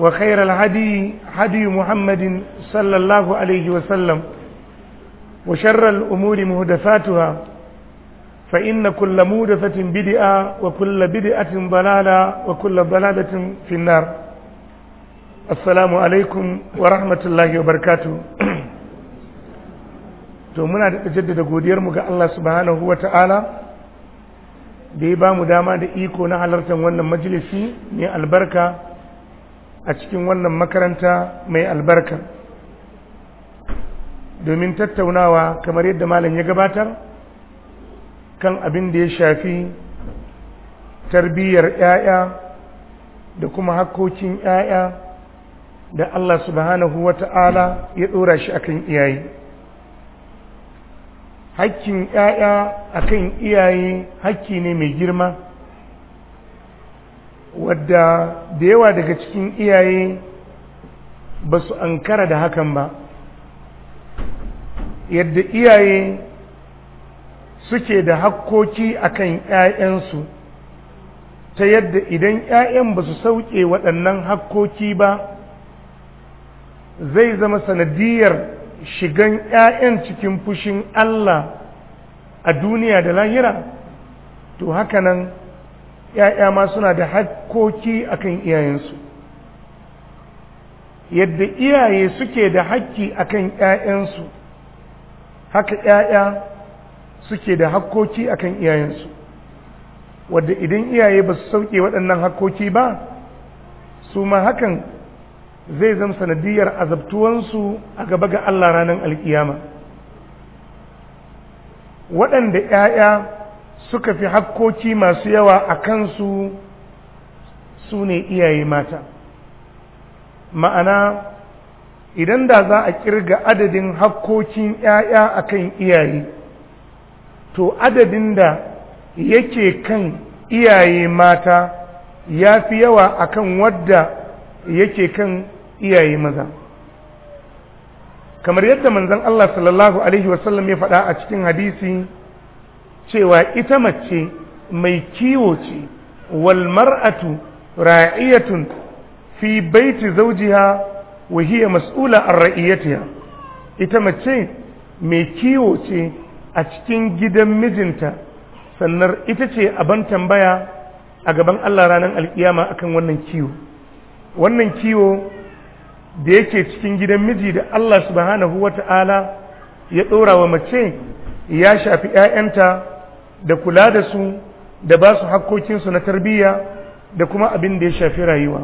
وخير الهدي هدي محمد صلى الله عليه وسلم وشر الأمور مهدفاتها فإن كل مهدفة بدئة وكل بدئة ضلالة وكل ضلالة في النار السلام عليكم ورحمة الله وبركاته to muna da jaddada godiyarmu ga Allah subhanahu wa ta'ala da ya ba mu dama da iko na halartar wannan majalisi mai albarka a cikin wannan makaranta mai albarka domin tattaunawa kamar yadda malam ya gabatar kan abin da ya shafi tarbiyyar 'ya'ya da kuma hakkokin 'ya'ya da Allah subhanahu wa ta'ala ya ɗora shi akan iyaye hakkin 'ya'ya akan iyaye hakki ne mai girma wadda da yawa daga cikin iyaye ba su ankara da hakan ba yadda iyaye suke da hakkoki kan 'ya'yansu ta yadda idan 'ya'yan ba su sauke waɗannan hakkoki ba zai zama sanadiyar shigan 'ya'yan cikin fushin Allah a duniya da lahira to hakanan ya'ya ma suna da hakkoki akan iyayensu yadda iyaye suke da hakki akan yayansu haka yaya suke da hakkoki akan iyayensu wadda idan iyaye ba su sauke waɗannan hakkoki ba su ma hakan zai zama sanadiyar azabtuwansu a gaba ga Allah ranar alƙiyama waɗanda yaya suka fi hakkoki masu yawa a kansu su ne iyaye mata ma'ana idan da za a kirga adadin hakkokin 'ya'ya a kan iyaye to adadin da yake kan iyaye mata ya fi yawa a kan wadda yake kan iyaye maza kamar yadda manzan Allah sallallahu Alaihi wasallam ya faɗa a cikin hadisi cewa ita mace mai kiwo ce wal mar'atu ra'iyatun fi baiti zawjiha wa hiya mas'ula an ra'iyatiha ita mace mai kiwo ce a cikin gidan mijinta sannan ita ce aban tambaya a gaban Allah ranar alkiyama akan wannan kiwo wannan kiwo da yake cikin gidan miji da Allah subhanahu wata'ala ya ɗora wa mace ya shafi 'ya'yanta da kula da su da ba su hakkokinsu na tarbiyya da kuma abin da ya shafi rayuwa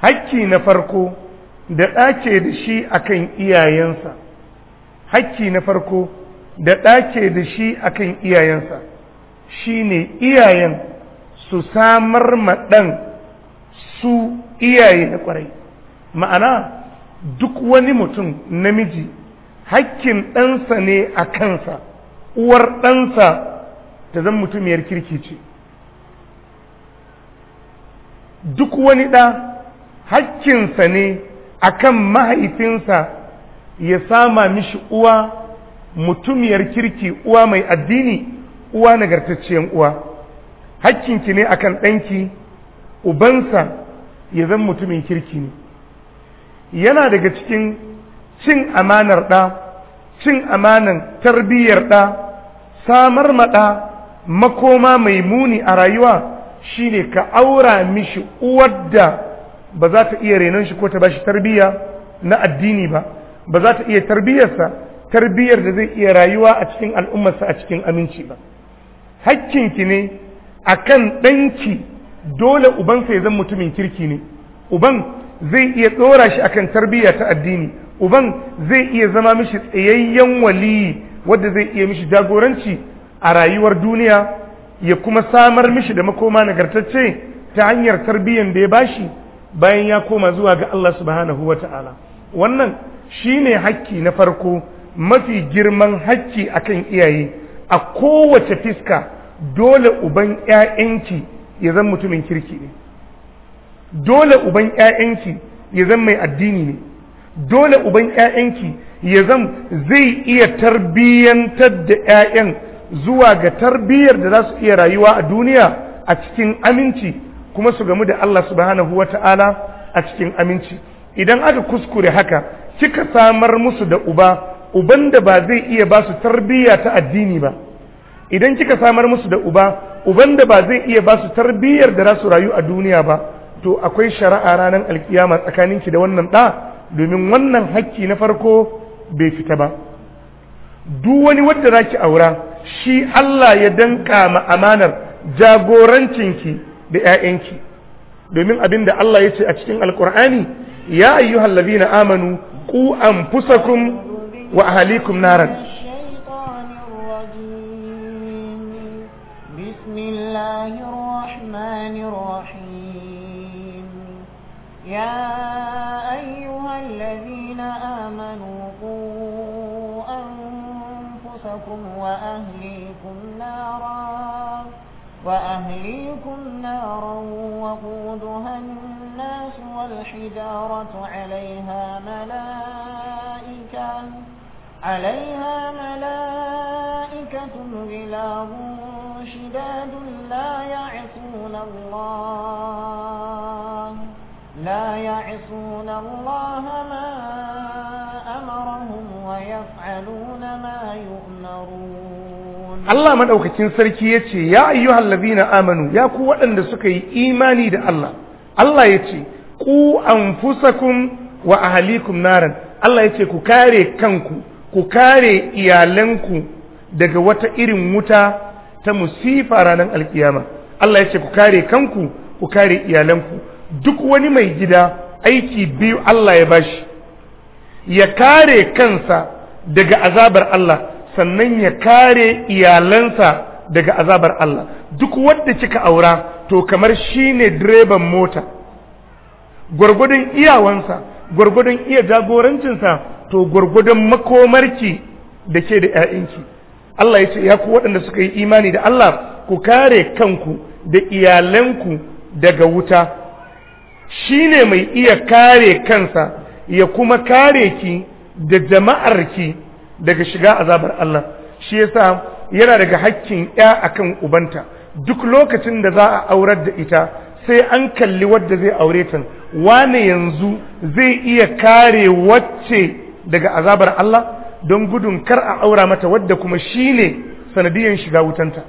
hakki na farko da ɗake da shi akan iyayensa hakki na farko da ɗake da shi akan iyayensa shine iyayen su samar maɗan su iyaye na ƙwarai ma'ana duk wani mutum namiji hakkin ɗansa ne a kansa uwar ɗansa ta zan mutumiyar kirki ce duk wani ɗa hakkinsa ne akan mahaifinsa ya sama mishi uwa mutumiyar kirki uwa mai addini uwa nagartacciyar uwa hakkinki ne akan ɗanki ubansa ya zan mutumin kirki ne yana daga cikin cin amanar ɗa cin amanan tarbiyyar ɗa samar maɗa makoma mai muni a rayuwa shi ne ka aura mishi uwar da ba za ta iya renon shi ko ta bashi tarbiyya na addini ba ba za ta iya tarbiyyarsa tarbiyyar da zai iya rayuwa a cikin al'ummarsa a cikin aminci ba hakkinki ne a kan ɗanki dole ubansa ya zan mutumin kirki ne uban zai iya ɗora shi akan tarbiyya ta addini uban zai iya zama mishi tsayayyen wali wadda zai iya mishi jagoranci a rayuwar duniya ya kuma samar mishi da makoma nagartacce ta hanyar tarbiyyar da ya bashi bayan ya koma zuwa ga Allah subhanahu wa ta'ala wannan shine hakki na farko mafi girman hakki kan iyaye a kowace fiska dole uban ‘ya'yanki ya zan mutumin kirki ne dole uban ‘ya'yanki ya zan mai addini ne dole uban 'ya'yanki ya zan zai iya tarbiyyantar da 'ya'yan zuwa ga tarbiyyar da za su iya rayuwa a duniya a cikin aminci kuma su gamu da Allah subhanahu wa ta'ala a cikin aminci idan aka kuskure haka kika samar musu da uba uban da ba zai iya ba su tarbiyya ta addini ba idan kika samar musu da uba uban da ba zai iya ba su tarbiyyar da za su rayu a duniya ba to akwai shari'a ranar alkiyama tsakaninki da wannan ɗa domin wannan hakki na farko bai fita ba duk wani wadda zaki aura shi Allah ya danka ma amanar jagorancin ki da 'ya'yanki domin abin da Allah ya ce a cikin alkur'ani ya ayyuhal ladina amanu ku anfusakum wa ahlikum naran بسم الله الرحمن يا أيها الذين آمنوا قوا أنفسكم وأهليكم نارا وأهليكم نارا وقودها الناس والحجارة عليها ملائكة عليها ملائكة غلاب شداد لا يعصون الله لا يعصون الله ما أمرهم ويفعلون ما يؤمرون الله من أوكتين سركي يا أيها الذين آمنوا يا قوة أن سكي إيماني دا الله الله يتي قو أنفسكم وأهليكم نارا الله ya ce كنكو kare إيالنكو ku kare iyalanku daga wata irin wuta ta musifa ranar alkiyama Allah ya ce ku kare kanku ku kare iyalanku duk wani mai gida aiki biyu Allah ya bashi ya kare kansa daga azabar Allah sannan ya kare iyalansa daga azabar Allah duk wadda kika aura to kamar shine direban mota gwargwadon iyawansa gwargwadon iya jagorancinsa to gwargwadon makomarki da ke da 'ya'yanki Allah ya ce ya ku waɗanda suka yi imani da Allah ku kare kanku da iyalanku daga wuta Shi ne mai iya kare kansa ya kuma kare ki da jama'ar ki daga shiga azabar Allah shi yasa yana daga hakkin ya akan ubanta duk lokacin da za a aurar da ita sai an kalli wadda zai aure ta wane yanzu zai iya kare wacce daga azabar Allah don gudun kar a aura mata wadda kuma shi ne sanadiyan shiga wutanta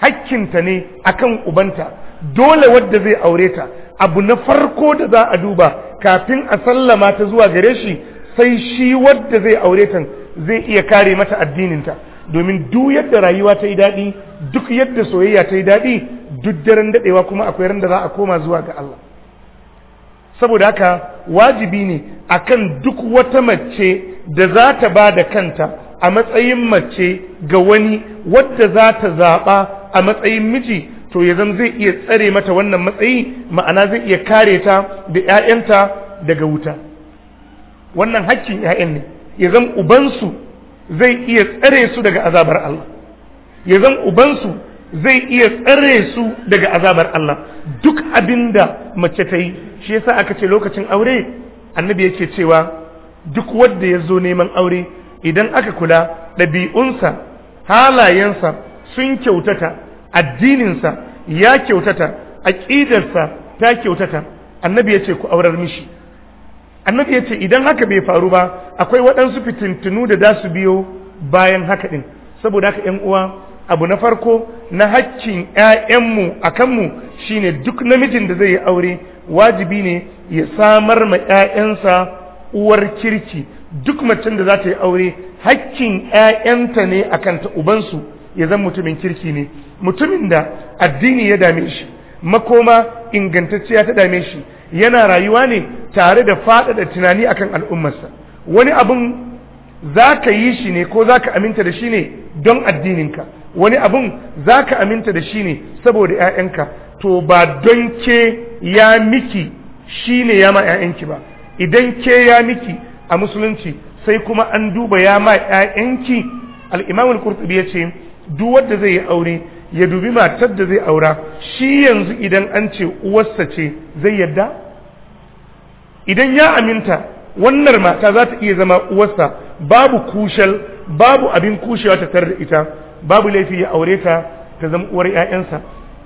hakkinta ne akan ubanta dole wadda zai aure ta abu na farko da za a duba kafin a sallama ta zuwa gare shi sai shi wadda zai aure ta zai iya kare mata addininta domin duk yadda rayuwa ta yi daɗi duk yadda soyayya ta yi daɗi duk daren daɗewa kuma akwai ran da za a koma zuwa ga Allah saboda haka wajibi ne akan duk wata mace da za ta ba da kanta a matsayin mace ga wani wadda za ta zaɓa a matsayin miji to ya zan zai iya tsare mata wannan matsayi ma'ana zai iya kare ta da 'ya'yanta daga wuta wannan haƙƙin 'ya'yan ne ya zan ubansu zai iya tsare su daga azabar Allah ya zan ubansu zai iya tsare su daga azabar Allah duk abinda mace ta yi shi yasa aka ce lokacin aure annabi yake cewa duk wanda ya zo neman aure idan aka kula ɗabi'unsa halayensa sun kyautata addininsa ya kyautata a aƙidarsa ta kyautata annabi ya ce ku aurar mishi annabi ya ce idan haka bai faru ba akwai waɗansu fitintunu da za su biyo bayan haka ɗin saboda haka ‘yan uwa abu na farko na hakkin ‘ya'yanmu a kanmu shine duk namijin da zai yi aure wajibi ne ya samar ma ‘ya'yansa uwar kirki duk macen da za ta yi aure hakkin ‘ya'yanta ne a kanta ubansu ya zan mutumin kirki ne mutumin da addini ya dame shi makoma ingantacciya ta dame shi yana rayuwa ne tare da faɗaɗa tunani akan al'ummarsa wani abun za ka yi shi ne ko za ka aminta da shi ne don addininka wani abun za ka aminta da shi ne saboda 'ya'yanka to ba don ke ya miki shi ne ya ma 'ya'yanki ba idan ke ya miki a musulunci sai kuma an duba ya ma 'ya'yanki al'imamul kurtubi ya ce duk wanda zai yi aure ya dubi matar da zai aura shi yanzu idan an ce uwarsa ce zai yadda idan ya aminta wannan mata za ta iya zama uwarsa babu kushal babu abin kushewa ta tare da ita babu laifi ya aure ta ta zama uwar 'ya'yansa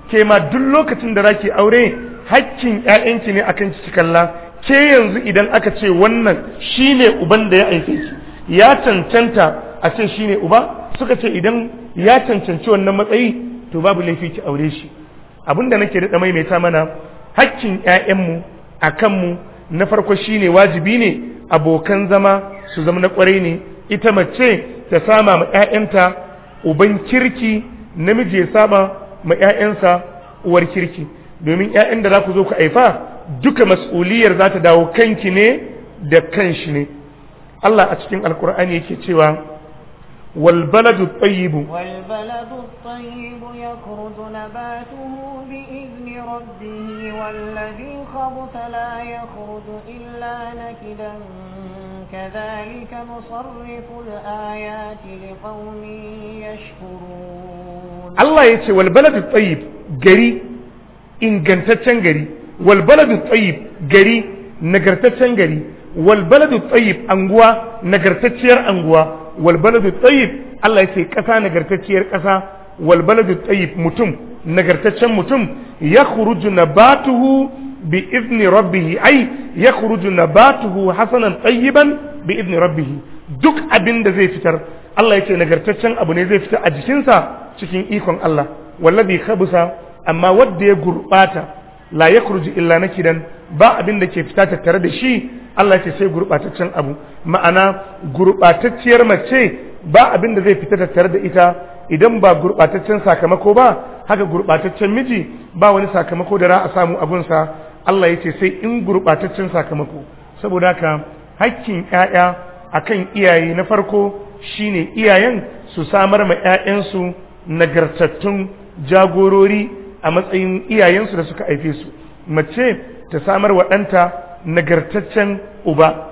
ke ma duk lokacin da zaki aure hakkin 'ya'yanki ne akan ciki kalla ke yanzu idan aka ce wannan shine uban da ya aike ki ya cancanta a ce shine uba suka ce idan ya cancanci wannan matsayi to babu laifi ki aure shi da nake da maimaita mana hakkin ƴaƴanmu a kanmu na farko shine wajibi ne abokan zama su zama na kwarai ne ita mace ta sama ma ƴaƴanta uban kirki namiji ya sama ma ƴaƴansa uwar kirki domin ƴaƴan da za ku zo ku haifa duka mas'uliyar za ta dawo kanki ne da kanshi ne Allah a cikin alkur'ani yake cewa والبلد الطيب والبلد الطيب يخرج نباته بإذن ربه والذي خبث لا يخرج إلا نكدا كذلك نصرف الآيات لقوم يشكرون الله يتي والبلد الطيب جري إن جنتتشن جري والبلد الطيب جري نجرتتشن جري والبلد الطيب أنقوى نجرتتشير أنقوى Walbaladu baladu Allah Allah yace kasa nagartacciyar ƙasa. Walbaladu baladu mutum nagartaccen mutum yakhruju nabatuhu bi izni rabbih ai yakhruju nabatuhu hasanan tsayiban bi izni rabbih duk abin da zai fitar Allah yace nagartaccen abu ne zai fita a jikinsa cikin ikon Allah wallazi khabusa amma wanda ya gurbata la yakhruju illa nakidan ba abin da ke fita tattare da shi Allah ce sai gurɓataccen abu ma'ana gurɓatacciyar mace ba abin da zai fita tattare da ita idan ba gurɓataccen sakamako ba haka gurɓataccen miji ba wani sakamako da ra'a a samu abunsa Allah ya ce sai in gurɓataccen sakamako saboda haka hakkin ƴaƴa akan iyaye na farko shine iyayen su samar ma ƴaƴansu nagartattun jagorori a matsayin iyayensu da suka haife su mace ta samar wa ɗanta nagartaccen uba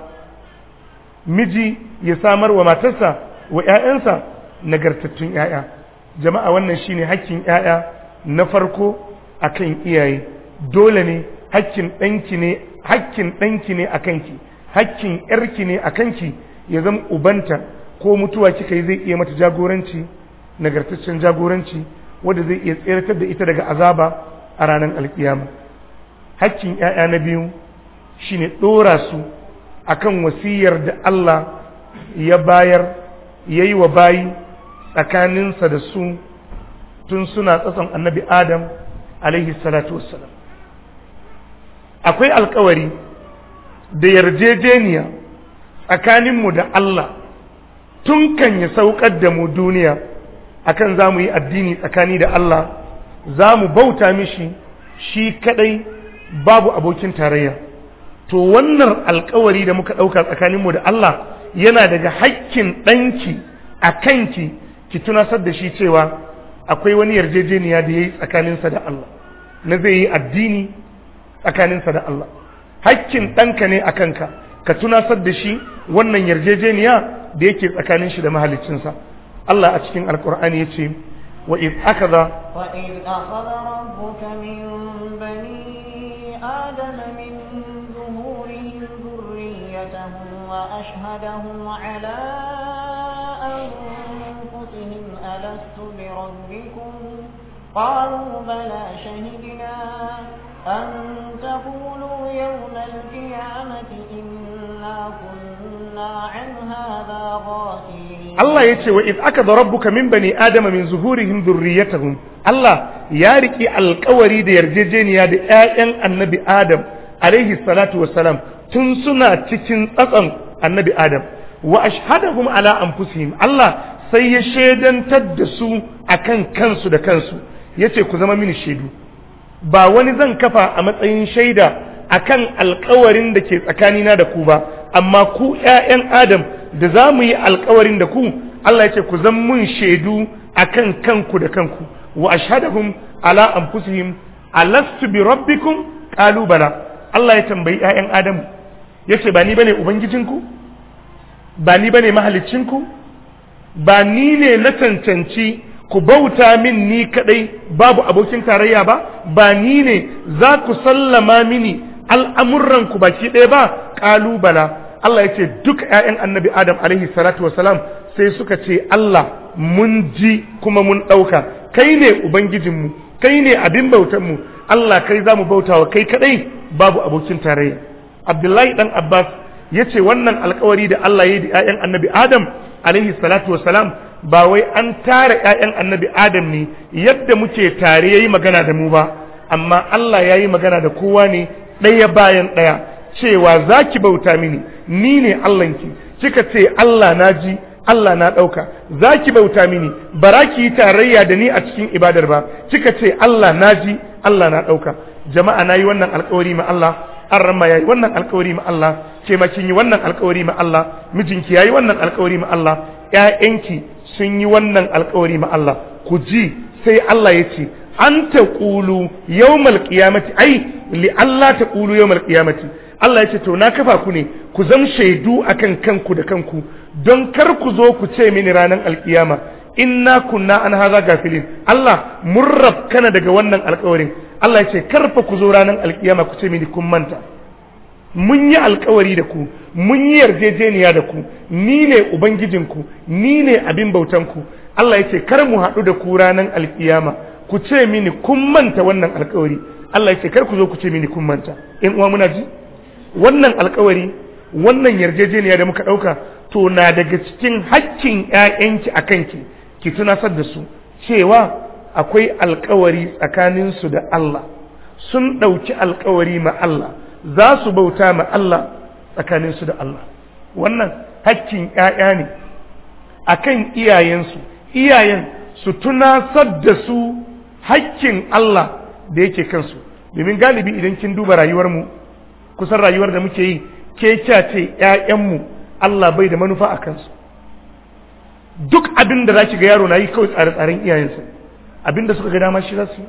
miji ya samar wa matarsa wa 'ya'yansa nagartattun 'ya'ya jama'a wannan shi ne hakkin 'ya'ya na farko akan iyaye dole ne hakkin ɗanki ne hakkin a kanki hakkin 'yarki ne a kanki ya zama ubanta ko mutuwa kika yi zai iya mata jagoranci nagartaccen jagoranci wanda zai iya tseratar da ita daga azaba a ranar alkiyama hakkin 'ya'ya na biyu shine ɗora su akan wasiyar da Allah ya bayar ya yi wa bayi tsakaninsa da su tun suna tsatson annabi adam alaihi salatu akwai alkawari da yarjejeniya tsakaninmu da Allah tun kan ya sauƙar da mu duniya akan za mu yi addini tsakani da Allah za mu bauta mishi shi kaɗai babu abokin tarayya to wannan alkawari da muka ɗauka tsakaninmu da Allah yana daga haƙƙin ɗanki a kanki ki tunasar da shi cewa akwai wani yarjejeniya da ya yi tsakaninsa da Allah na zai yi addini tsakaninsa da Allah haƙƙin ɗanka ne a kanka ka tunasar da shi wannan yarjejeniya da yake tsakanin shi da mahaliccinsa Allah a cikin alkur'ani ya ce wa iz akhadha wa iz rabbuka min bani adama min وأشهدهم على أنفسهم ألست بربكم قالوا بلى شهدنا أن تقولوا يوم القيامة إنا كنا عن هذا غافلين الله يتي وإذ أكد ربك من بني آدم من ظهورهم ذريتهم الله ياركي القوري دي يرججين يا دي آيان النبي آدم alaihi salatu salam tun suna cikin tsatson annabi adam wa ashhadahum ala anfusihim Allah sai ya shaidantar da su akan kansu da kansu yace ku zama mini shaidu ba wani zan kafa a matsayin shaida akan alkawarin da ke tsakanina da ku ba amma ku ƴaƴan adam da za mu yi alkawarin da ku Allah yace ku zama mun shaidu akan kanku da kanku wa ashhadahum ala anfusihim alastu bi rabbikum qalu bala Allah ya tambayi ƴaƴan adam yace ba ni bane ubangijinku ba ni bane mahalicinku ba ni ne na cancanci ku bauta min ni kadai babu abokin tarayya ba ba ni ne za ku sallama mini al'amuranku baki ɗaya ba ƙalubala Allah ya ce duk ‘ya'yan annabi Adam alaihi salatu wasalam sai suka ce Allah mun ji kuma mun ɗauka kai ne Ubangijinmu kai ne abin bautanmu Allah kai za mu bauta wa kai kaɗai babu abokin tarayya abdullahi dan abbas ya ce wannan alkawari da allah ya yi da 'ya'yan annabi adam alaihi salatu wasalam ba wai an tara 'ya'yan annabi adam ne yadda muke tare ya yi magana da mu ba amma allah ya yi magana da kowa ne ɗaya bayan ɗaya cewa za ki bauta mini ni ne allahnki kika ce allah na ji Allah na ɗauka za ki bauta mini bara ki yi tarayya da ni a cikin ibadar ba kika ce Allah na ji Allah na ɗauka jama'a na yi wannan alƙawari ma Allah an rama yayi wannan alkawari ma Allah ce ma yi wannan alkawari ma Allah mijinki yayi wannan alkawari ma Allah ƴaƴanki sun yi wannan alkawari ma Allah ku ji sai Allah ya ce an ta taqulu yawmal qiyamati ai li Allah ta taqulu yawmal qiyamati Allah ya ce to na kafa ku ne ku zam shaidu akan kanku da kanku don kar ku zo ku ce mini ranar alkiyama inna kunna an haza gafilin Allah mun kana daga wannan alkawarin Allah ya ce karfa ku zo ranar alkiyama ku ce mini kun manta mun yi alkawari da ku mun yi yarjejeniya da ku ni ne ubangijinku ni ne abin bautan ku. Allah ya ce kar mu haɗu da ku ranar alkiyama ku ce mini kun manta wannan alkawari Allah ya ce kar ku zo ku ce mini kun manta in uwa muna ji wannan alkawari wannan yarjejeniya da muka ɗauka to na daga cikin haƙƙin ƴaƴanki a kanki ki tunasar da su cewa akwai alkawari tsakaninsu da Allah sun ɗauki alkawari ma Allah za su bauta ma Allah tsakaninsu da Allah wannan hakkin ƴaƴa ne akan kan iyayensu iyayen su tunasar da su hakkin Allah da yake kansu domin galibi idan kin duba rayuwarmu kusan rayuwar da muke yi ke ce ƴaƴanmu Allah bai da manufa a kansu duk abin da za ki ga yaro na yi kawai tsare-tsaren iyayensa abin da suka ga dama shi za su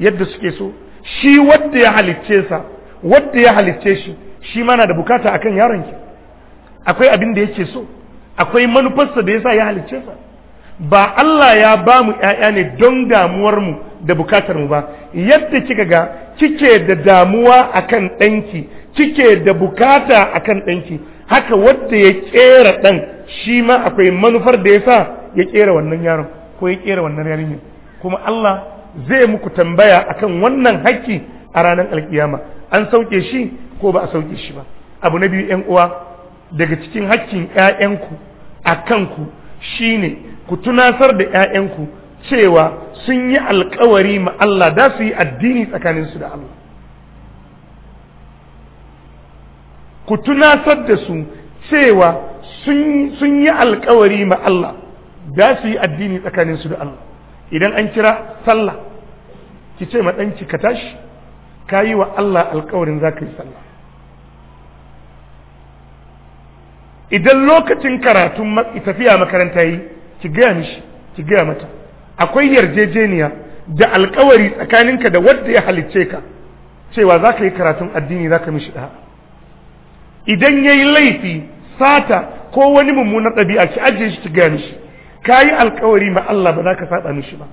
yadda suke so shi wadda ya halicce sa wadda ya halicce shi shi ma da bukata akan yaron ki akwai abin da yake so akwai manufarsa da yasa ya halicce sa ba Allah ya ba mu ƴaƴa ne don damuwar mu da bukatar mu ba yadda kika ga kike da damuwa akan ɗanki kike da bukata akan ɗanki haka wadda ya kera ɗan shi ma akwai manufar da ya sa ya kera wannan yaron ko ya kera wannan yarinyar kuma Allah zai muku tambaya akan wannan haƙƙi a ranar alkiyama an sauke shi ko ba a sauke shi ba abu na biyu ƴan uwa daga cikin haƙƙin ƴaƴanku a kanku shine ku tunasar da ƴaƴanku cewa sun yi alƙawari ma Allah da su yi addini tsakaninsu da Allah ku tunasar da su cewa sun yi alkawari ma Allah za su yi addini tsakaninsu da Allah idan an kira sallah ki ce ma ka tashi ka yi wa Allah alkawarin za ka yi sallah idan lokacin karatun tafiya makaranta yi ki gaya mishi ki gaya mata akwai yarjejeniya da alkawari tsakaninka da wadda ya halicce ka cewa za ka yi karatun addini za ka mishi ɗaya idan ya yi laifi sata ko wani mummunan ɗabi'a ki ajiye shi ki gane shi Ka yi alkawari ma Allah ba za ka saɓa mishi ba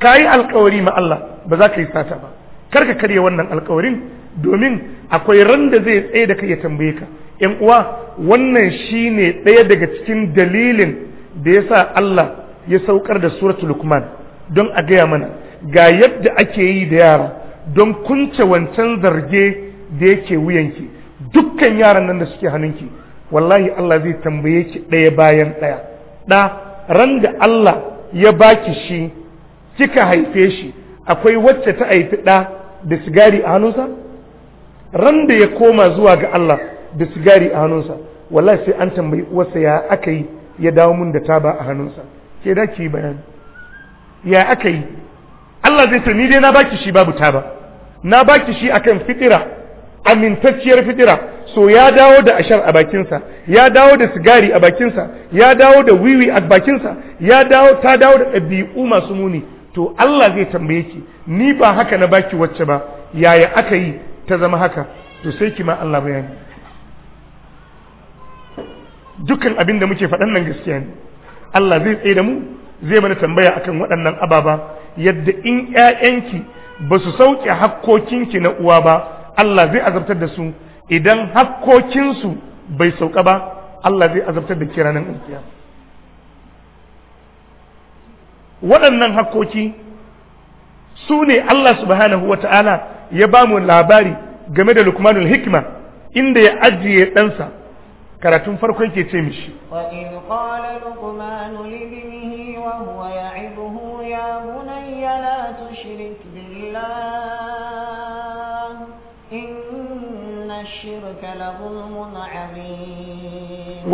Ka yi alkawari ma Allah ba za ka yi sata ba kar ka karya wannan alkawarin domin akwai randa zai tsaye da kai ya tambaye ka ƴan uwa wannan shi ne ɗaya daga cikin dalilin da ya sa Allah ya saukar da suratul lukman don a gaya mana ga yadda ake yi da yara don kunce wancan zarge da yake wuyanki dukkan yaran nan da suke hannunki wallahi Allah zai tambaye ki ɗaya bayan ɗaya ɗa ran da Allah ya baki shi kika haife shi akwai wacce ta haifi ɗa da sigari a hannunsa ran da ya koma zuwa ga Allah da sigari a hannunsa wallahi sai an tambayi uwarsa ya aka yi ya dawo mun da taba a hannunsa ke da ki bayani ya aka yi Allah zai ni dai na baki shi babu taba na baki shi akan fitira amintacciyar fitira so ya dawo da ashar a bakinsa ya dawo da sigari a bakinsa ya dawo da wiwi a bakinsa ya dawo ta dawo da ɗabi'u masu muni to Allah zai tambaye ki ni ba haka na baki wacce ba yaya aka yi ta zama haka to sai ki ma Allah bayani dukkan abin da muke faɗan nan gaskiya ne Allah zai tsaye da mu zai mana tambaya akan waɗannan ababa yadda in ƴaƴanki ba su sauke hakkokinki na uwa ba Allah zai azabtar da su idan hakkokinsu bai sauka ba Allah zai azabtar da kiranin alkiya waɗannan hakkoki su ne Allah subhanahu wa ta'ala ya ba mu labari game da lukmanul hikima inda ya ajiye ɗansa karatun farkon ke ce mishi إن wa لظلم عظيم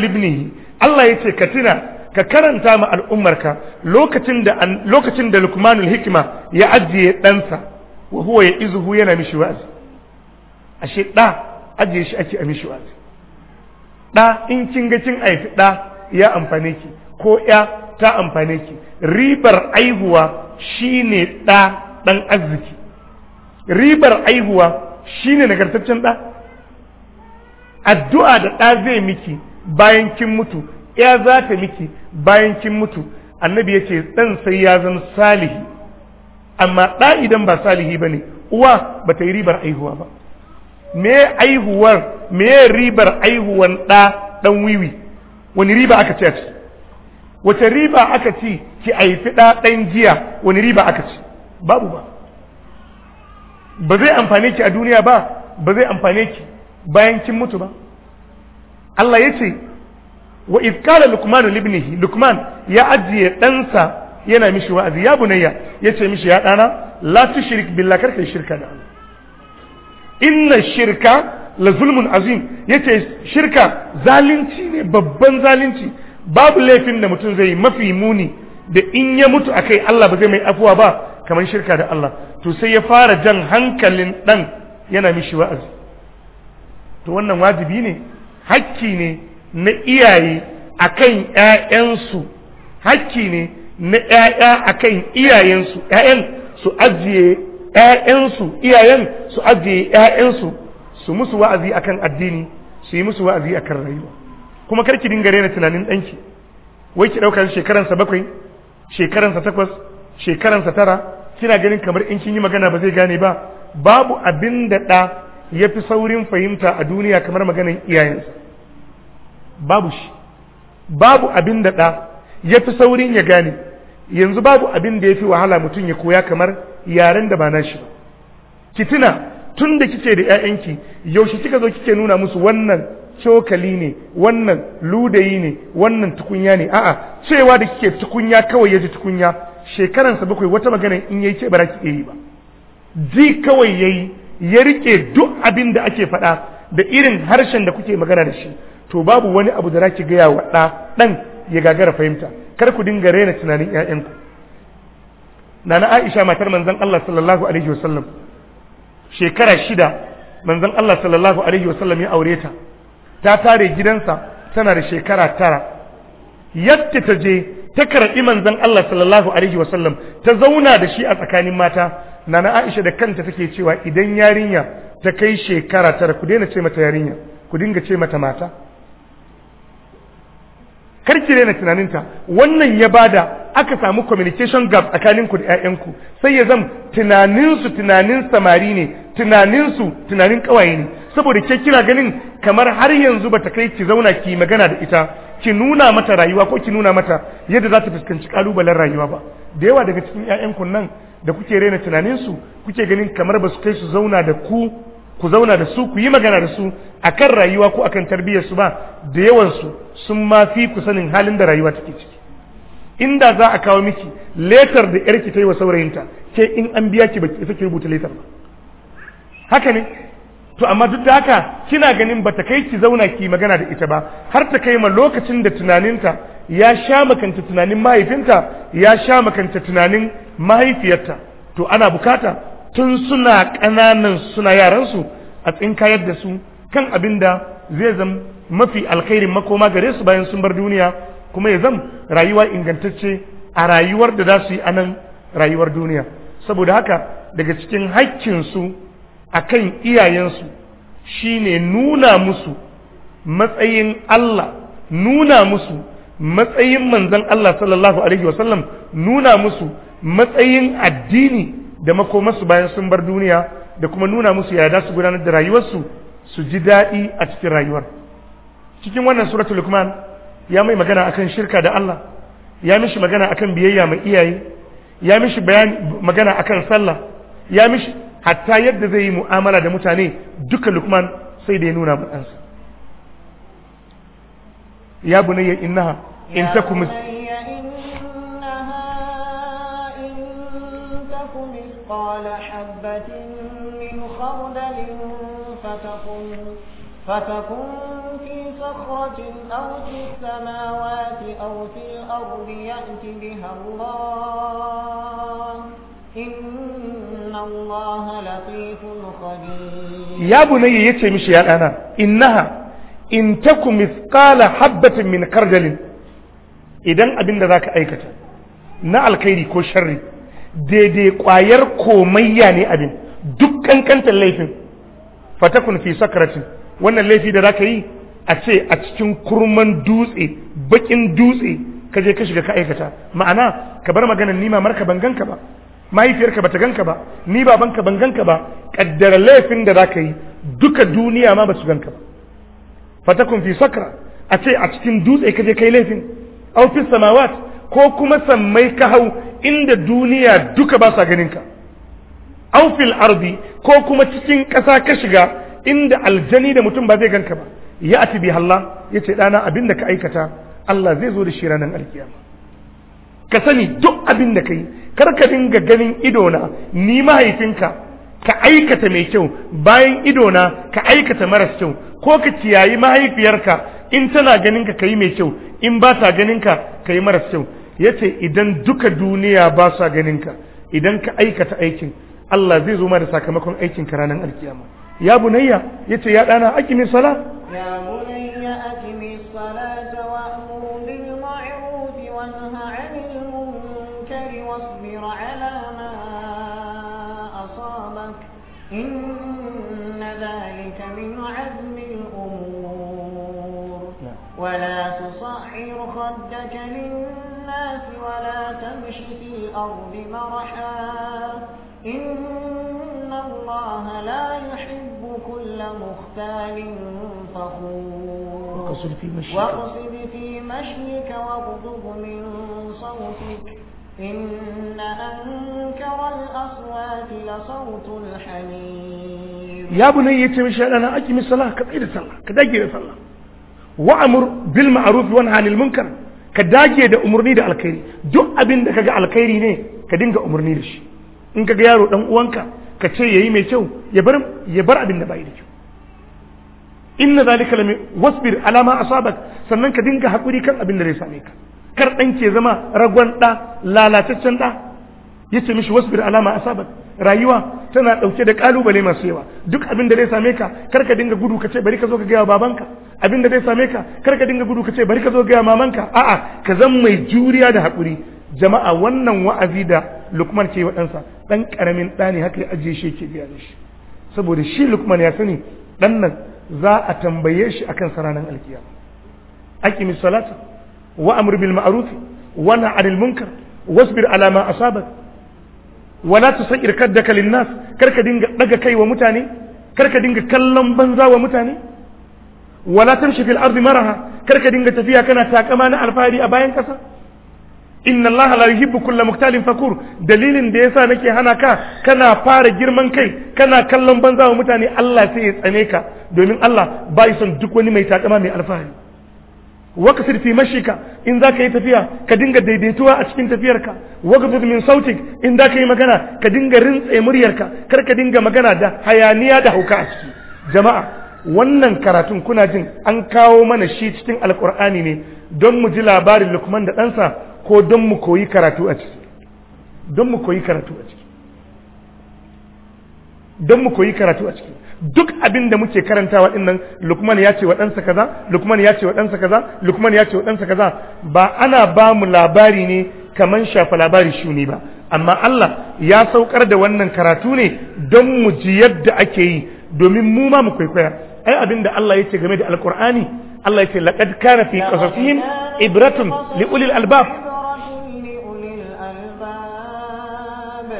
libni Allah لقمان لابنه ka karanta ma al'ummarka lokacin da lokacin da Luqmanul Hikma ya ajiye ɗansa wa huwa ya izuhu yana mishi wa'azi ashe ɗa ajiye shi ake a mishi wa'azi ɗa in kin ga kin aifi ɗa ya amfane ki ko ya ta amfane ki ribar aihuwa shine ɗa ɗan arziki ribar aihuwa Shi ne nagartaccen ɗa addu'a da ɗa zai miki bayan kin mutu ya za ta miki bayan kin mutu annabi ya ce ɗan sai ya zan salihi amma ɗa idan ba salihi ba ne uwa ba ta yi ribar aihuwa ba me aihuwar me ribar aihuwan ɗa ɗan wiwi wani riba aka ce wace riba aka ci ki aifi ɗa ɗan jiya wani riba aka ci babu ba ba zai amfane ki a duniya ba ba zai amfane ki bayan kin mutu ba Allah ya ce wa luqman li ibnihi Luqman ya ajiye ɗansa yana mishi wa'azi ya bunayya ya ce mishi ya dana la tushrik billahi karka shirka da Allah inna shirka la zulmun azim yace shirka zalunci ne babban zalunci babu laifin da mutum zai mafi muni da in ya mutu akai Allah ba zai mai afuwa ba kamar shirka da Allah to sai ya fara jan hankalin ɗan yana mishi wa'azi to wannan wajibi ne hakki ne na iyaye akan ‘ya'yansu hakki ne na ‘ya'ya akan iyayensu ‘ya'yan su ajiye ‘ya'yansu iyayen su ajiye ‘ya'yansu su musu wa'azi akan addini su yi musu wa'azi akan rayuwa kuma karki dinga rena tunanin ɗanki wai ki ɗaukar shekaransa bakwai shekaransa takwas shekaransa tara kina ganin kamar in kin yi magana ba zai gane ba babu abin da ɗa ya fi saurin fahimta a duniya kamar maganin iyayensa babu shi babu abin da ɗa ya fi saurin ya gane yanzu babu abin da ya fi wahala mutum ya koya kamar yaren da ba na shi ki tuna tun da kike da 'ya'yanki yaushe kika zo kike nuna musu wannan cokali ne wannan ludayi ne wannan tukunya ne a'a cewa da kike tukunya kawai ya yaji tukunya shekaransa bakwai wata magana in yayi ce ba ki yi ba ji kawai yayi ya rike duk abin da ake faɗa da irin harshen da kuke magana da shi to babu wani abu da zaki gaya wa ɗa ɗan ya gagara fahimta kar ku dinga rena tunanin 'ya'yanku. nana Aisha matar manzon Allah sallallahu alaihi wasallam shekara shida manzon Allah sallallahu alaihi wasallam ya aure ta ta tare gidansa tana da shekara tara yadda ta je ta karɓi manzon Allah sallallahu alaihi wasallam ta zauna da shi a tsakanin mata nana Aisha da kanta take cewa idan yarinya ta kai shekara tara ku daina ce mata yarinya ku dinga ce mata mata karki daina tunaninta wannan ya bada aka samu communication gap tsakaninku da 'ya'yanku sai ya zam tunaninsu tunanin samari ne tunaninsu tunanin kawaye ne saboda ke kina ganin kamar har yanzu bata kai ki zauna ki magana da ita ki nuna mata rayuwa ko ki nuna mata yadda za ta fuskanci kalubalen rayuwa ba da yawa daga cikin 'ya'yanku nan da kuke rena tunaninsu kuke ganin kamar ba su kai su zauna da ku ku zauna da su ku yi magana da su akan rayuwa ko akan tarbiyyarsu ba da yawansu sun ma fi ku sanin halin da rayuwa take ciki inda za a kawo miki letar da yarki ta yi wa saurayinta ke in an biya ki ba ki sake rubuta letar ba haka ne to amma duk da haka kina ganin ba ta kai ki zauna ki magana da ita ba har ta kai ma lokacin da tunaninta ya sha makanta tunanin mahaifinta ya sha makanta tunanin mahaifiyarta to ana bukata tun suna ƙananan suna yaransu a tsinkayar da su kan abin da zai zama mafi alkhairin makoma gare su bayan sun bar duniya kuma ya zam rayuwa ingantacce a rayuwar da za su yi a nan rayuwar duniya saboda haka daga cikin haƙƙinsu a kan iyayensu shine nuna musu matsayin Allah nuna musu matsayin manzan Allah sallallahu alaihi wasallam nuna musu matsayin addini da makomarsu bayan sun bar duniya da kuma nuna musu ya da su gudanar da rayuwarsu su ji daɗi a cikin rayuwar cikin wannan suratul lukman ya mai magana akan shirka da Allah ya mishi magana akan biyayya mai iyaye ya mishi magana akan sallah ya mishi hatta yadda zai yi mu'amala da mutane duka lukman sai da ya nuna mu يا بني إنها إن تكم قال حبة من خردل فتكن, فتكن في صخرة أو في السماوات أو في الأرض يأت بها الله إن الله لطيف خبير يا بني مشي الآن إنها in taku mithqala habbatin min kardalin idan abin da zaka aikata na alkhairi ko sharri daidai kwayar komayya ne abin duk kankantar laifin fatakun fi sakaratin wannan laifi da zaka yi a ce a cikin kurman dutse bakin dutse ka je ka shiga ka aikata ma'ana ka bar maganar nima marka ban ganka ba mahaifiyarka ba ta ganka ba ni babanka ban ganka ba kaddara laifin da zaka yi duka duniya ma ba su ganka ba fatakun fi sakra a ce a cikin dutse ka je kai laifin aw fi samawat ko kuma sammai ka hau inda duniya duka ba sa ganin ka aw fil ardi ko kuma cikin ƙasa ka shiga inda aljani da mutum ba zai ganka ba ya ati bi Allah yace dana abinda ka aikata Allah zai zo da shi ranar alkiyama ka sani duk abin da yi kar ka dinga ganin idona ni mahaifinka ka aikata mai kyau bayan idona ka aikata maras kyau ko ka ciyayi mahaifiyarka in tana ganin ka yi mai kyau in ba ta ganin ka kai maras kyau yace idan duka duniya ba sa ganin ka idan ka aikata aikin Allah zai zo ma da sakamakon aikin ka ranar alkiyama ya bunayya yace ya dana akimi sala ya bunayya akimi salata ولا تصعر خدك للناس ولا تمش في الأرض مرحا إن الله لا يحب كل مختال فخور واقصد في مشيك, في مشيك واغضب من صوتك إن أنكر الأصوات لصوت الحمير يا بني يتمشى لنا أجمي صلاة كبير صلاة كدجي صلاة wa'amur bil ma'ruf wa nahy anil munkar ka dage da umarni da alkhairi duk abin da kaga alkhairi ne ka dinga umarni da shi in kaga yaro dan uwanka ka ce yayi mai kyau ya bar ya bar abin da bai da kyau inna zalika lam wasbir ala ma asabak sannan ka dinga hakuri kan abin da zai same ka kar dan ke zama ragon da lalataccen da yace mishi wasbir ala ma asabak rayuwa tana dauke da kalubale masu yawa duk abin da zai same ka kar ka dinga gudu ka ce bari ka zo ka ga babanka abin da zai same ka kar ka dinga gudu ka ce bari ka zo gaya mamanka a'a ka zan mai juriya da haƙuri jama'a wannan wa'azi da lukman ke waɗansa ɗan ƙaramin ɗa ne haka ya ajiye shi ke biya da shi saboda shi lukman ya sani ɗan nan za a tambaye shi akan saranan alkiya. aqimi salata wa amr bil ma'ruf wa nahy anil munkar wasbir ala ma asabak wa la tusayir nas kar ka dinga ɗaga kai wa mutane kar ka dinga kallon banza wa mutane wala tamshi fil ardi maraha kar ka dinga tafiya kana takama na alfahari a bayan kasa inna allaha la yuhibbu kulla muktalin fakur dalilin da yasa nake hana ka kana fara girman kai kana kallon banza wa mutane Allah sai ya tsane ka domin Allah ya son duk wani mai takama mai alfahari waqsir fi mashika in zaka yi tafiya ka dinga daidaituwa a cikin tafiyarka waqsir min sautik in zaka yi magana ka dinga rintse muryarka kar ka dinga magana da hayaniya da hauka a ciki jama'a wannan karatun kuna jin an kawo mana shi cikin alkur'ani ne don mu ji labarin lukman da ɗansa ko don mu koyi karatu a ciki don mu koyi karatu a ciki don mu koyi karatu a ciki duk abin da muke karantawa din nan lukman ya ce wa ɗansa kaza lukman ya ce wa ɗansa kaza lukman ya ce wa ɗansa kaza ba ana ba mu labari ne kaman shafa labari shuni ba amma Allah ya saukar da wannan karatu ne don mu ji yadda ake yi domin mu ma mu kwaikwaya ai abinda Allah yace game da alqur'ani Allah yace laqad kana fi qasasihim ibratun li ulil albab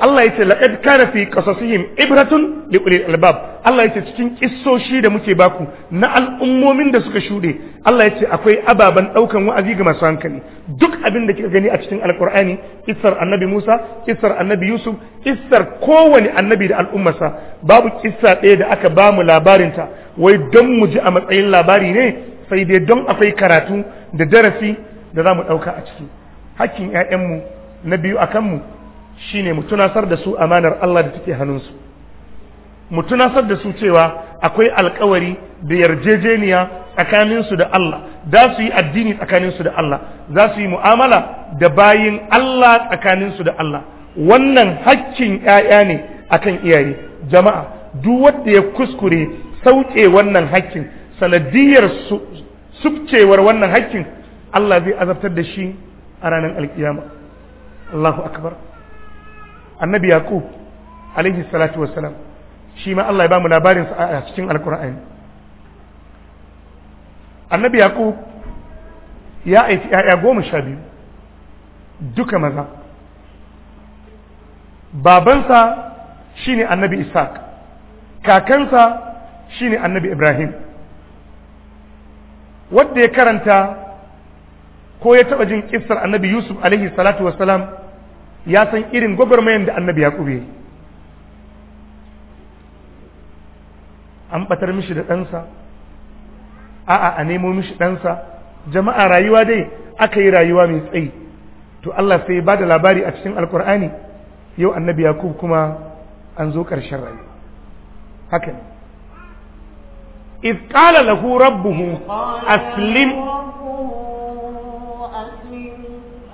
Allah yace laqad kana fi qasasihim ibratun li ulil albab Allah yace cikin kissoshi da muke baku na al'ummomin da suka shude Allah yace akwai ababan daukan wa'azi ga masu hankali duk abinda kika gani a cikin alqur'ani kissar annabi Musa kissar annabi Yusuf kissar kowane annabi da al'ummarsa babu kissa ɗaya da aka bamu labarinta wai don mu ji a matsayin labari ne sai dai don akwai karatu da darasi da za mu ɗauka a ciki hakkin 'ya'yanmu na biyu a kanmu shi ne mu tunasar da su amanar Allah da take hannunsu mu tunasar da su cewa akwai alkawari da yarjejeniya tsakaninsu da Allah za su yi addini tsakaninsu da Allah za su yi mu'amala da bayin Allah tsakaninsu da Allah wannan hakkin 'ya'ya ne akan iyaye jama'a duk wanda ya kuskure sauke wannan hakkin sanadiyar subcewar wannan hakkin Allah zai azabtar da shi a ranar alkiyama Allahu akbar annabi yaqub alaihi salatu wassalam shi ma Allah ya ba mu labarin sa a cikin alkur'ani annabi yaqub ya aiki ya'ya goma sha biyu duka maza babansa shine annabi ishaq kakansa shine annabi ibrahim wanda ya karanta ko ya taɓa jin kissar annabi yusuf alaihi salatu wasalam ya san irin gwagwarmayan da annabi ya yayi an batar mishi da ɗansa a'a a nemo mishi ɗansa jama'a rayuwa dai aka yi rayuwa mai tsayi to Allah sai ba da labari a cikin alkur'ani yau annabi yakub kuma an zo ƙarshen rayuwa haka ne إذ قال له ربه أسلم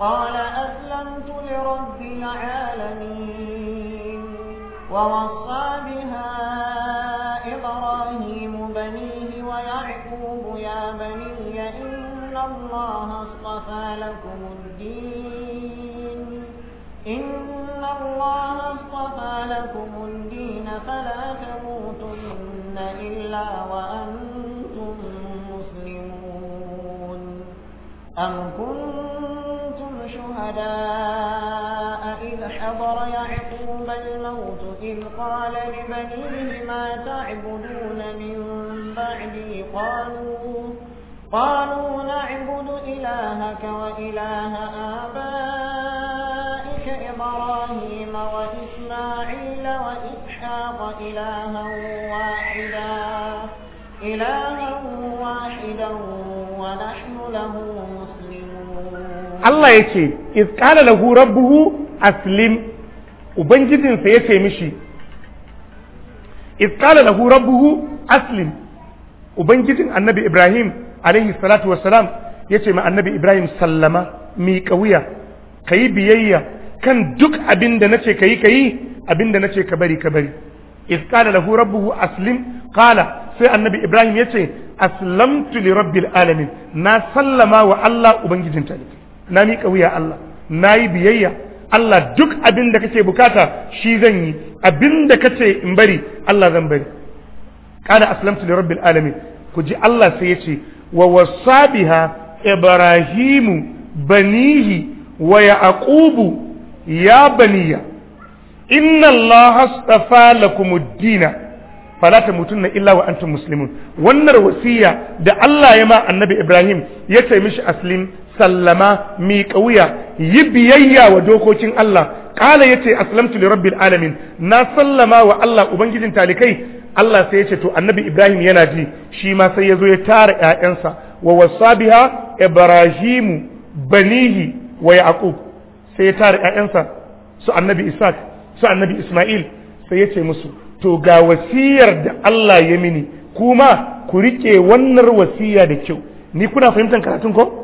قال أسلمت لرب العالمين ووصى بها إبراهيم بنيه ويعقوب يا بني إن الله اصطفى لكم الدين إن الله اصطفى لكم الدين فلا تموتن إلا وأنتم أم كنتم شهداء إذ حضر يعقوب الموت إذ قال لبنيه ما تعبدون من بعدي قالوا قالوا نعبد إلهك وإله آبائك إبراهيم وإسماعيل وإسحاق إلها واحدا إله Allah ya ce iz qala lahu rabbuhu aslim ubangijinsa ya ce mishi iz lahu rabbuhu aslim ubangijin annabi Ibrahim alaihi salatu wassalam ya ce ma annabi Ibrahim sallama mi ka yi biyayya kan duk abin da nace ka yi, abin da nace ka bari ka bari iz qala lahu rabbuhu aslim qala sai annabi Ibrahim ya ce aslamtu li rabbil alamin na sallama wa Allah ubangijin talibai na miƙa wuya Allah na yi biyayya Allah duk abin da kake bukata shi zan yi abin da kace in bari Allah zan bari kana aslamtu li rabbil alamin ku ji Allah sai ya ce wa wasabiha ibrahimu banihi wa yaqubu ya baniya inna allaha astafa lakumuddina fala tamutunna illa wa antum muslimun wannan wasiya da Allah ya ma annabi Ibrahim ya ce mishi aslim sallama miƙa wuya yi biyayya wa dokokin Allah ƙala ya ce aslamtu li rabbil alamin na sallama wa Allah ubangijin talikai Allah sai ya ce to annabi Ibrahim yana ji shi ma sai ya zo ya tara ƴaƴansa wa wasa biha ibrahim banihi wa Yaqub sai ya tara ƴaƴansa su annabi Isaac su annabi Ismail sai ya ce musu to ga wasiyar da Allah ya mini kuma ku rike wannan wasiya da kyau ni kuna fahimtar karatun ko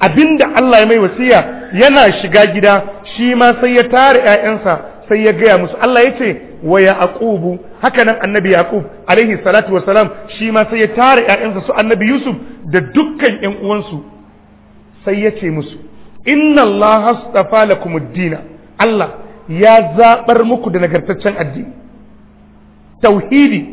abinda Allah ya mai wasiya yana shiga gida shi ma sai ya tare ƴaƴansa sai ya gaya musu Allah ya ce wa yaqubu haka nan annabi yaqub alaihi salatu wassalam shi ma sai ya tare ƴaƴansa su annabi yusuf da dukkan ƴan uwansu sai ya ce musu inna Allah astafa lakum ad-din Allah ya zabar muku da nagartaccen addini tauhidi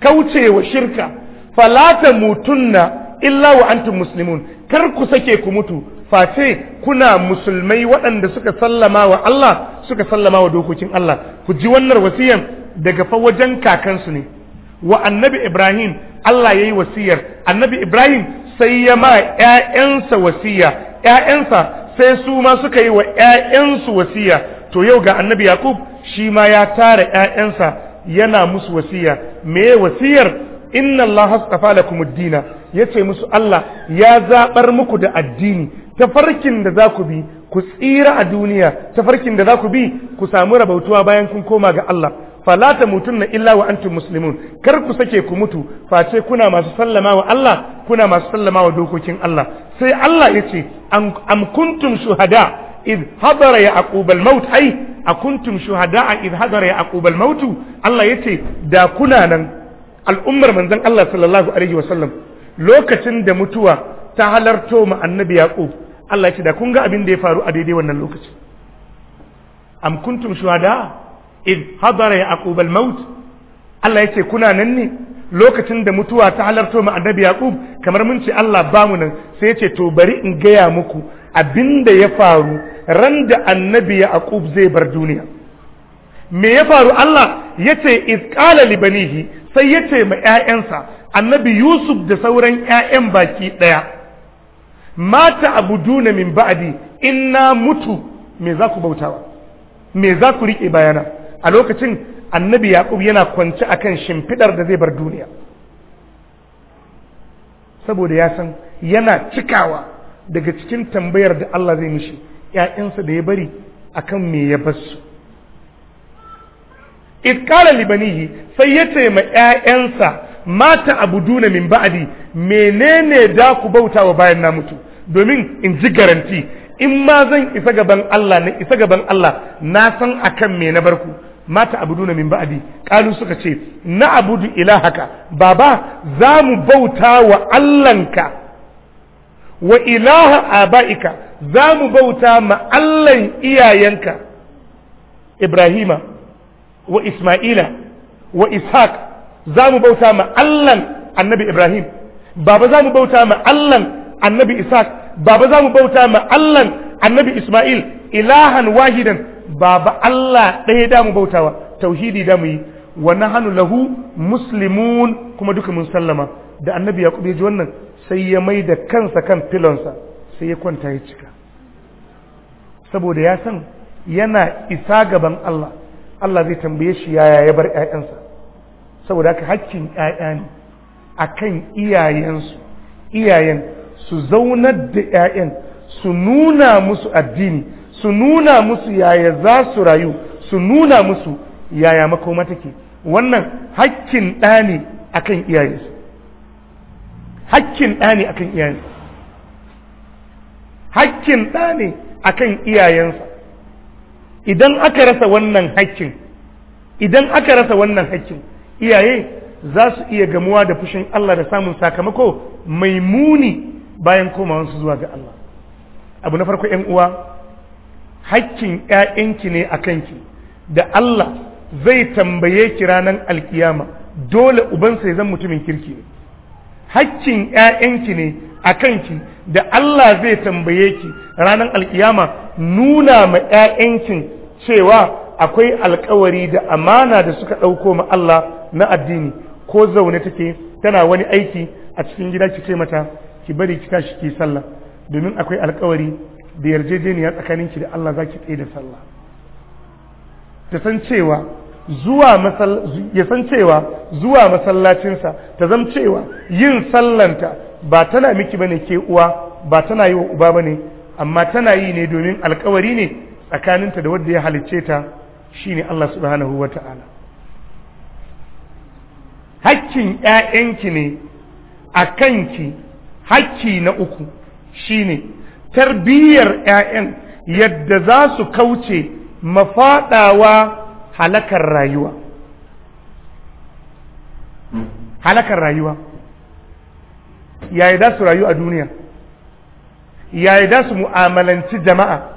kaucewa shirka fala tamutunna illa wa antum muslimun kar ku sake ku mutu face kuna musulmai waɗanda suka sallama wa Allah suka sallama wa dokokin Allah ku ji wannan wasiyan daga fa wajen kakansu ne wa annabi Ibrahim Allah yayi wasiyar annabi Ibrahim sai ya ma ƴaƴansa wasiya ƴaƴansa sai su ma suka yi wa ƴaƴansu wasiya to yau ga annabi Yakub shi ma ya tara ƴaƴansa yana musu wasiya me wasiyar inna Allah astafa lakum ad-dina ya ce musu Allah ya zaɓar muku da addini tafarkin da za ku bi ku tsira a duniya tafarkin da za ku bi ku samu rabautuwa bayan kun koma ga Allah falata ta na illa wa antum muslimun kar ku sake ku mutu face kuna masu sallama wa Allah kuna masu sallama wa dokokin Allah sai Allah ya ce am kuntum shuhada id hadara yaqub al maut ai akuntum shuhada id hadara yaqub al maut Allah yace da kuna nan al'ummar manzon Allah sallallahu alaihi sallam. lokacin da mutuwa ta halarto ma annabi yaqub Allah ya ce da kun ga abin da ya faru a daidai wannan lokaci am kuntum shuhada id hadara yaqub al maut Allah ya ce kuna nan ne lokacin da mutuwa ta halarto ma annabi yaqub kamar mun ce Allah ba mu nan sai ya ce to bari in gaya muku abin da ya faru ran da annabi yaqub zai bar duniya me ya faru Allah ya ce iz qala libanihi sai ya ce ma 'ya'yansa annabi yusuf da sauran 'ya'yan baki ɗaya mata abuduna min ba'adi in na mutu me za ku bautawa me za ku riƙe bayana a lokacin annabi yaƙub yana kwanci akan shimfiɗar da zai bar duniya saboda ya san yana cikawa daga cikin tambayar da Allah zai mishi ‘ya'yansa da ya bari akan me ya basu iskala libanihi sai ya ce ma ‘ya'yansa mata abuduna min ba'di menene da ku bauta wa bayan na mutu domin in ji garanti in ma zan isa gaban Allah na isa gaban Allah na san akan me na barku mata abuduna min ba'di qalu suka ce na abudu ilahaka baba za mu bauta wa Allahnka wa ilaha abaika za mu bauta ma Allahn iyayenka Ibrahima wa Isma'ila wa Ishaq za mu bauta ma Allahn annabi Ibrahim baba za mu bauta ma Allahn annabi Isaac baba za mu bauta ma Allahn annabi Ismail ilahan wahidan baba Allah ɗaya da mu bautawa tauhidi da mu yi wa hannu lahu muslimun kuma duka mun sallama da annabi yaqub ya ji wannan sai ya mai da kansa kan filonsa sai ya kwanta ya cika saboda ya san yana isa gaban Allah Allah zai tambaye shi yaya ya bar ƴaƴansa saboda haka hakkin ƴaƴa ne akan iyayensu iyayen su zaunar da ƴaƴan su nuna musu addini su nuna musu yaya za su rayu su nuna musu yaya makoma take wannan hakkin ɗa ne akan iyayensu hakkin ɗa ne akan kan hakkin ɗa ne akan iyayensa idan aka rasa wannan hakkin idan aka rasa wannan hakkin iyaye za su iya gamuwa da fushin Allah da samun sakamako mai muni bayan komawansu zuwa ga Allah abu na farko 'yan uwa hakkin ‘ya'yanki ne a kanki da Allah zai tambaye ki ranar alkiyama dole ubansa ya zan mutumin kirki ne hakkin ‘ya'yanki ne a kanki da Allah zai tambaye ki ranar alkiyama nuna ma ‘ya'yankin cewa akwai alkawari da amana da suka ɗauko ma Allah na addini ko zaune take tana wani aiki a cikin gida ki ce mata ki bari ki tashi ki sallah domin akwai alkawari da yarjejeniya tsakaninki da Allah zaki tsaye da sallah ta san cewa zuwa masallaci ya san cewa zuwa masallacinsa ta zam cewa yin sallanta ba tana miki bane ke uwa ba tana yi wa uba bane amma tana yi ne domin alkawari ne tsakaninta da wanda ya halicce ta shine Allah subhanahu wa ta'ala hakkin ‘ya'yanki ne a kanki hakki na uku shine tarbiyyar ‘ya'yan yadda za su kauce mafaɗawa halakar rayuwa halakar rayuwa yaya da su rayu a duniya yaya da su mu'amalanci jama'a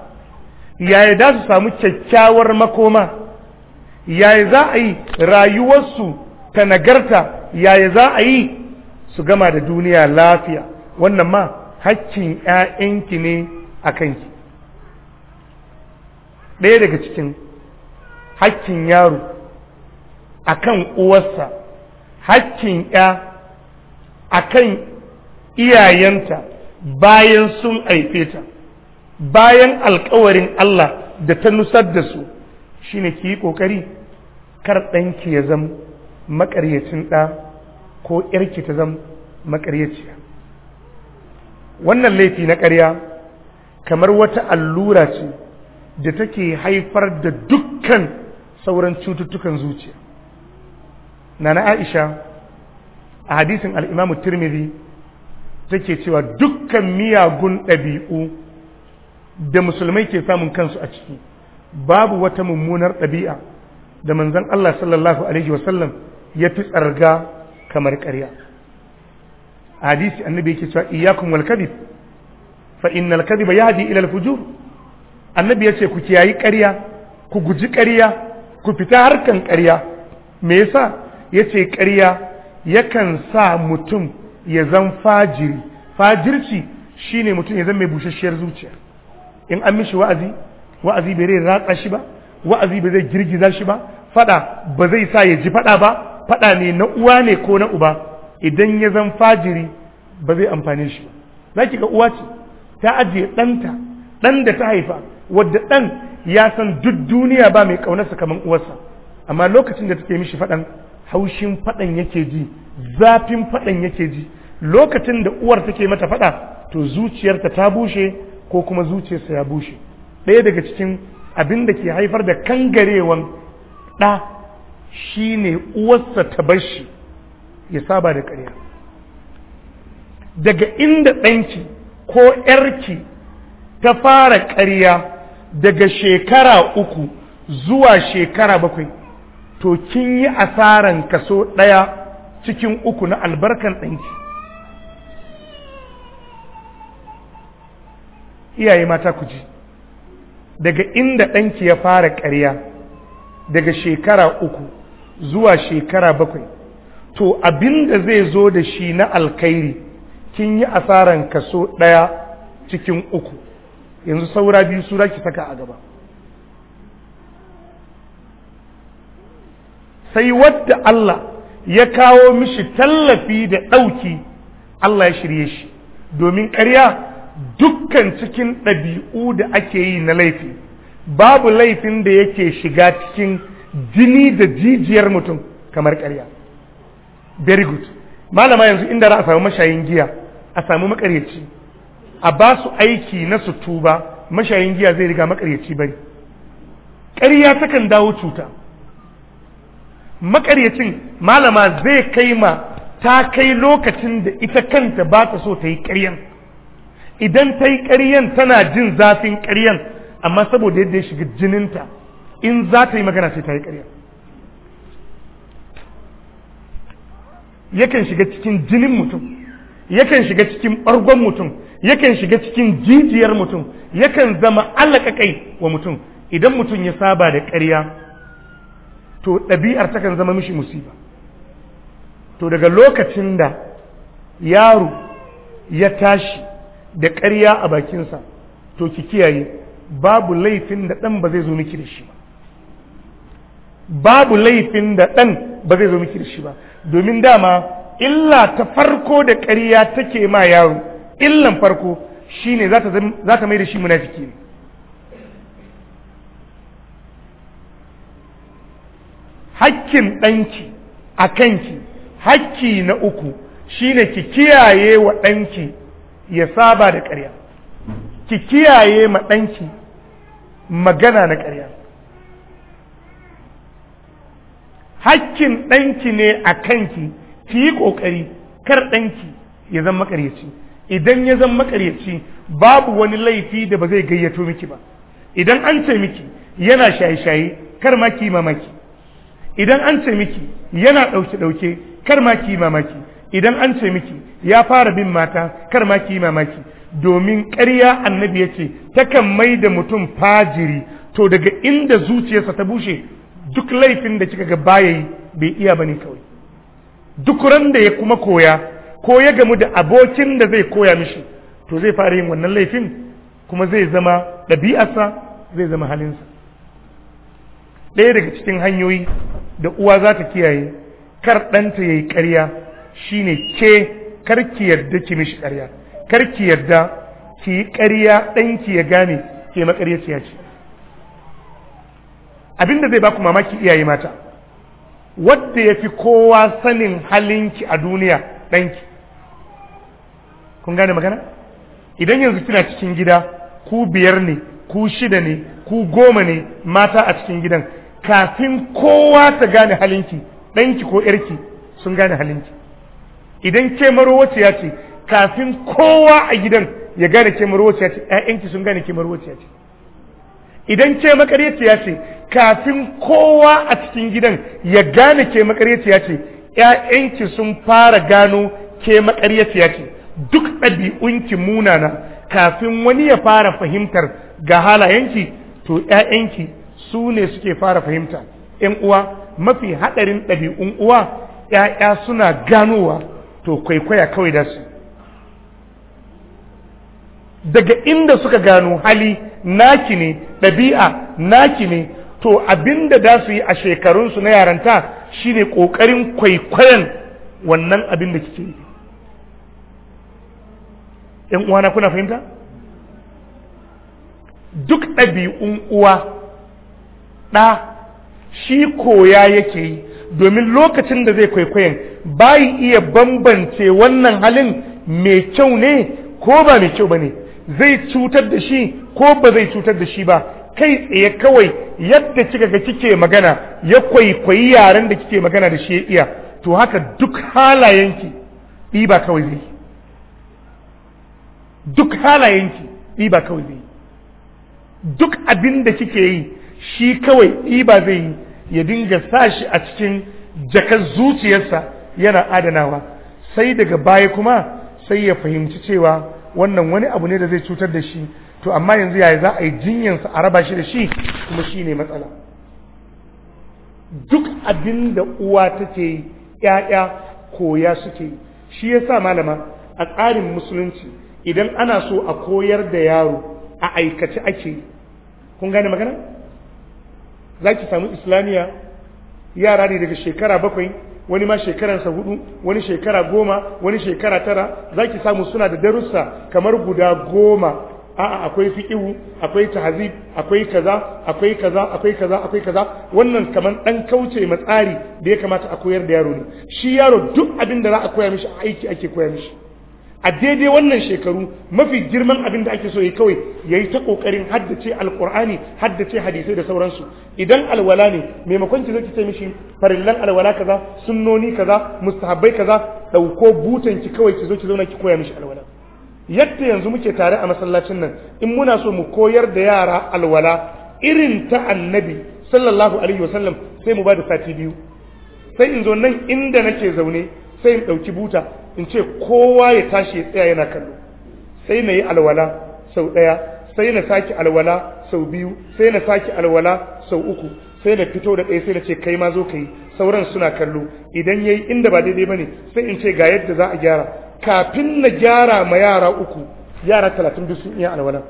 yaya za su samu kyakkyawar makoma yaya za a yi rayuwarsu ta nagarta yaya za a yi su gama da duniya lafiya wannan ma hakkin 'ya'yanki ne a kanki ɗaya daga cikin hakkin yaro a kan uwarsa hakkin ya a kan iyayenta bayan sun aife ta bayan alkawarin Allah da ta nusar da su shi ne ki yi kokari kar ɗanki ya zama makaryacin ɗa ko ƴarki ta zama makaryaciya wannan laifi na ƙarya kamar wata allura ce da take haifar da dukkan sauran cututtukan zuciya nana aisha a hadisin al'imamu tirmidhi take cewa dukkan miyagun ɗabi'u da musulmai ke samun kansu a ciki babu wata mummunar ɗabi'a da manzon Allah sallallahu alaihi wasallam ya fi tsarga kamar ƙarya hadisi annabi yake cewa iyyakum wal kadhib fa innal kadhiba yahdi ila al fujur annabi yace ku kiyayi ƙarya ku guji ƙarya ku fita harkan ƙarya me yasa yace ƙarya yakan sa mutum ya zan fajiri fajirci shine mutum ya zan mai busasshiyar zuciya in an mishi wa'azi wa'azi bai rai ratsa shi ba wa'azi bai zai girgiza shi ba fada ba zai sa ya ji fada ba fada ne na uwa ne ko na uba idan ya zan fajiri ba zai amfane shi ba za ki ga uwa ce ta ajiye ɗanta ɗan da ta haifa wadda ɗan ya san duk duniya ba mai ƙaunarsa kamar uwarsa amma lokacin da take mishi faɗan haushin faɗan yake ji zafin faɗan yake ji lokacin da uwar take mata faɗa to zuciyarta ta bushe ko kuma zuciyarsa ya bushe ɗaya daga cikin abin da ke haifar da kangarewan ɗa shi ne uwarsa ta bar shi ya saba da ƙarya daga inda ɗanki ko ƴarki ta fara ƙarya daga shekara uku zuwa shekara bakwai to kin yi asaran kaso ɗaya cikin uku na albarkan ɗanki iyaye mata ku ji daga inda ɗanki ya fara ƙarya daga shekara uku zuwa shekara bakwai to abinda zai zo da shi na alkhairi, kin yi asaran kaso ɗaya cikin uku yanzu saura biyu sura ki saka a gaba sai wadda Allah ya kawo mishi tallafi da ɗauki Allah ya shirye shi domin ƙarya dukkan cikin ɗabi'u da ake yi na laifi babu laifin da yake shiga cikin jini da jijiyar mutum kamar ƙarya very good malama yanzu inda za a samu mashayin giya a samu makaryaci a ba su aiki na su tuba mashayin giya zai riga makaryaci bari ƙarya takan dawo cuta makaryacin malama zai kai ma ta kai lokacin da ita kanta ba ta so ta yi ƙaryan idan ta yi ƙaryen tana jin zafin ƙaryan amma saboda yadda ya shiga jininta in za ta yi magana sai ta yi ƙaryen yakan shiga cikin jinin mutum yakan shiga cikin ɓargon mutum yakan shiga cikin jijiyar mutum yakan zama alaƙaƙai wa mutum idan mutum ya saba da ƙarya to ɗabi'ar takan zama mishi musiba to daga lokacin da yaro ya tashi da ƙarya a bakinsa to ki kiyaye babu laifin da ɗan ba zai zo miki da shi ba babu laifin da ɗan ba zai zo miki da shi ba domin dama illa ta farko da ƙarya take ma yaro illan farko shine za ta mai da shi munafiki ne hakkin ɗanki a kanki hakki na uku shine ki kiyaye wa ɗanki ya saba da ƙarya ki kiyaye ma ɗanki magana na ƙarya hakkin ɗanki ne a kanki ki yi ƙoƙari kar ɗanki ya zama ƙaryaci idan ya zama ƙaryaci babu wani laifi da ba zai gayyato miki ba idan an ce miki yana shaye-shaye kar ma ki mamaki idan an ce miki yana ɗauke-ɗauke kar ma ki mamaki idan an ce miki ya fara bin mata kar ma ki mamaki domin ƙarya annabi yace takan mai da mutum fajiri to daga inda zuciyarsa ta bushe duk laifin da kika ga bayayi bai iya bane kawai duk ran da ya kuma koya ko ya gamu da abokin da zai koya mishi to zai fara yin wannan laifin kuma zai zama ɗabi'arsa zai zama halinsa ɗaya daga cikin hanyoyi da uwa za ta kiyaye kar ɗanta ya yi ƙarya shine ke karki yarda ki mishi ƙarya karki yarda ki yi ƙarya ɗanki ya gane ke makaryaciya ce abinda zai baku mamaki iyaye mata wadda ya fi kowa sanin halinki a duniya ɗanki kun gane magana idan yanzu kina cikin gida ku biyar ne ku shida ne ku goma ne mata a cikin gidan kafin kowa ta gane halinki ɗanki ko ‘yarki sun gane halinki idan ke ya ce kafin kowa a gidan ya gane ke ya ce ƴaƴanki sun gane ke ya ce idan ke ya ce kafin kowa a cikin gidan ya gane ke ya ce ƴaƴanki sun fara gano ke ya ce duk ɗabi'unki munana kafin wani ya fara fahimtar ga halayenki to ya'yanki su ne suke fara fahimta ƴan uwa mafi haɗarin ɗabi'un uwa ƴaƴa suna ganowa to kwaikwaya kawai da su daga inda suka gano hali naki ne ɗabi'a naki ne to abinda da su yi a shekarunsu na yaranta shine ƙoƙarin kwaikwayon wannan abin da kike yi uwana kuna fahimta? duk ɗabi'un uwa ɗa shi koya yake yi domin lokacin da zai kwaikwayon bayi iya bambance wannan halin mai kyau ne ko ba mai kyau ba ne zai cutar da shi ko ba zai cutar da shi ba kai tsaye kawai yadda kika ga kike magana ya kwaikwayi yaren da kike magana da shi ya iya to haka duk halayenki ba kawai zai duk halayenki ba kawai zai duk abin da kike yi shi kawai ba zai yi ya dinga sashi a cikin jakar zuciyarsa yana adanawa sai daga baya kuma sai ya fahimci cewa wannan wani abu ne da zai cutar da shi to amma yanzu yaya za a yi jinyansa a raba shi da shi kuma shi ne matsala duk abin da uwa take ‘ya'ya koya suke shi ya sa malama a tsarin musulunci idan ana so a koyar da yaro a aikace ake kun gane magana za ki samu islamiyya yara ne daga shekara bakwai wani ma shekaransa hudu wani shekara goma wani shekara tara za ki samu suna da darussa kamar guda goma a'a akwai fiƙihu akwai tahazib akwai kaza akwai kaza akwai kaza akwai kaza wannan kamar dan kauce ma tsari da ya kamata a koyar da yaro ne shi yaro duk abin da za a koya mishi aiki ake koya mishi a daidai wannan shekaru mafi girman abin da ake so ya kawai ya yi ta ƙoƙarin haddace alƙur'ani haddace hadisai da sauransu idan alwala ne maimakon ki zaki ce mishi farillan alwala kaza sunnoni kaza mustahabbai kaza ɗauko butan ki kawai ki zo ki zauna ki koya mishi alwala yadda yanzu muke tare a masallacin nan in muna so mu koyar da yara alwala irin ta annabi sallallahu alaihi wasallam sai mu ba da sati biyu sai in zo nan inda nake zaune sai in ɗauki buta in ce kowa ya tashi ya tsaya yana kallo sai na yi alwala sau ɗaya sai na sake alwala sau biyu sai na sake alwala sau uku sai na fito da ɗaya sai na ce kai ma zo ka yi sauran suna kallo idan ya yi inda ba daidai ba ne sai in ce ga yadda za a gyara kafin na gyara ma yara uku yara talatin duk sun iya alwala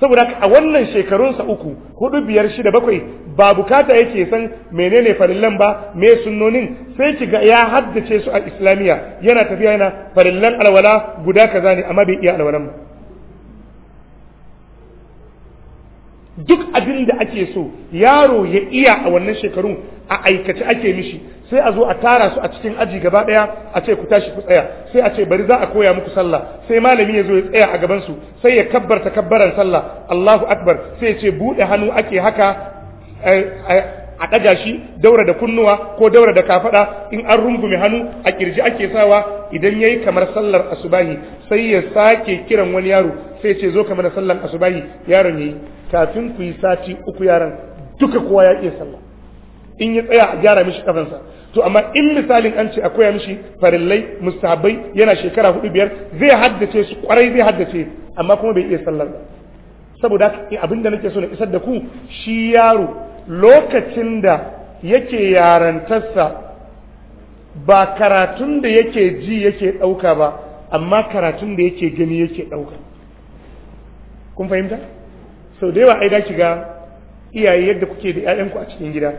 saboda a wannan shekarunsa uku hudu biyar shida bakwai ba bukata yake san menene farillan ba me sunnonin sai ki ga ya haddace su a islamiyya yana tafiya yana farillan alwala guda kaza ne amma bai iya alwalan ba duk abin da ake so yaro ya iya a wannan shekarun a aikace ake mishi sai a zo a tara su a cikin aji gaba daya a ce ku tashi ku tsaya sai a ce bari za a koya muku sallah sai malami ya zo ya tsaya a gaban su sai ya kabbarta kabbaran sallah Allahu akbar sai ya ce bude hannu ake haka a ɗaga shi daura da kunnuwa ko daura da kafaɗa in an rungume hannu a kirji ake sawa idan yayi kamar sallar asubahi sai ya sake kiran wani yaro sai ce zo kamar sallar asubahi yaron yayi kafin ku yi sati uku yaran duka kowa ya iya sallah in ya tsaya a gyara mishi kafansa to amma in misalin an ce akwai mishi farillai mustahabbai yana shekara hudu biyar zai haddace su kwarai zai haddace amma kuma bai iya sallar ba saboda eh, abin da nake so na isar da ku shi yaro lokacin da yake yarantarsa ba karatun da yake ji yake ɗauka ba amma karatun da yake gani yake ɗauka kun fahimta sau da yawa ai da ga iyaye yadda kuke da 'ya'yanku a cikin gida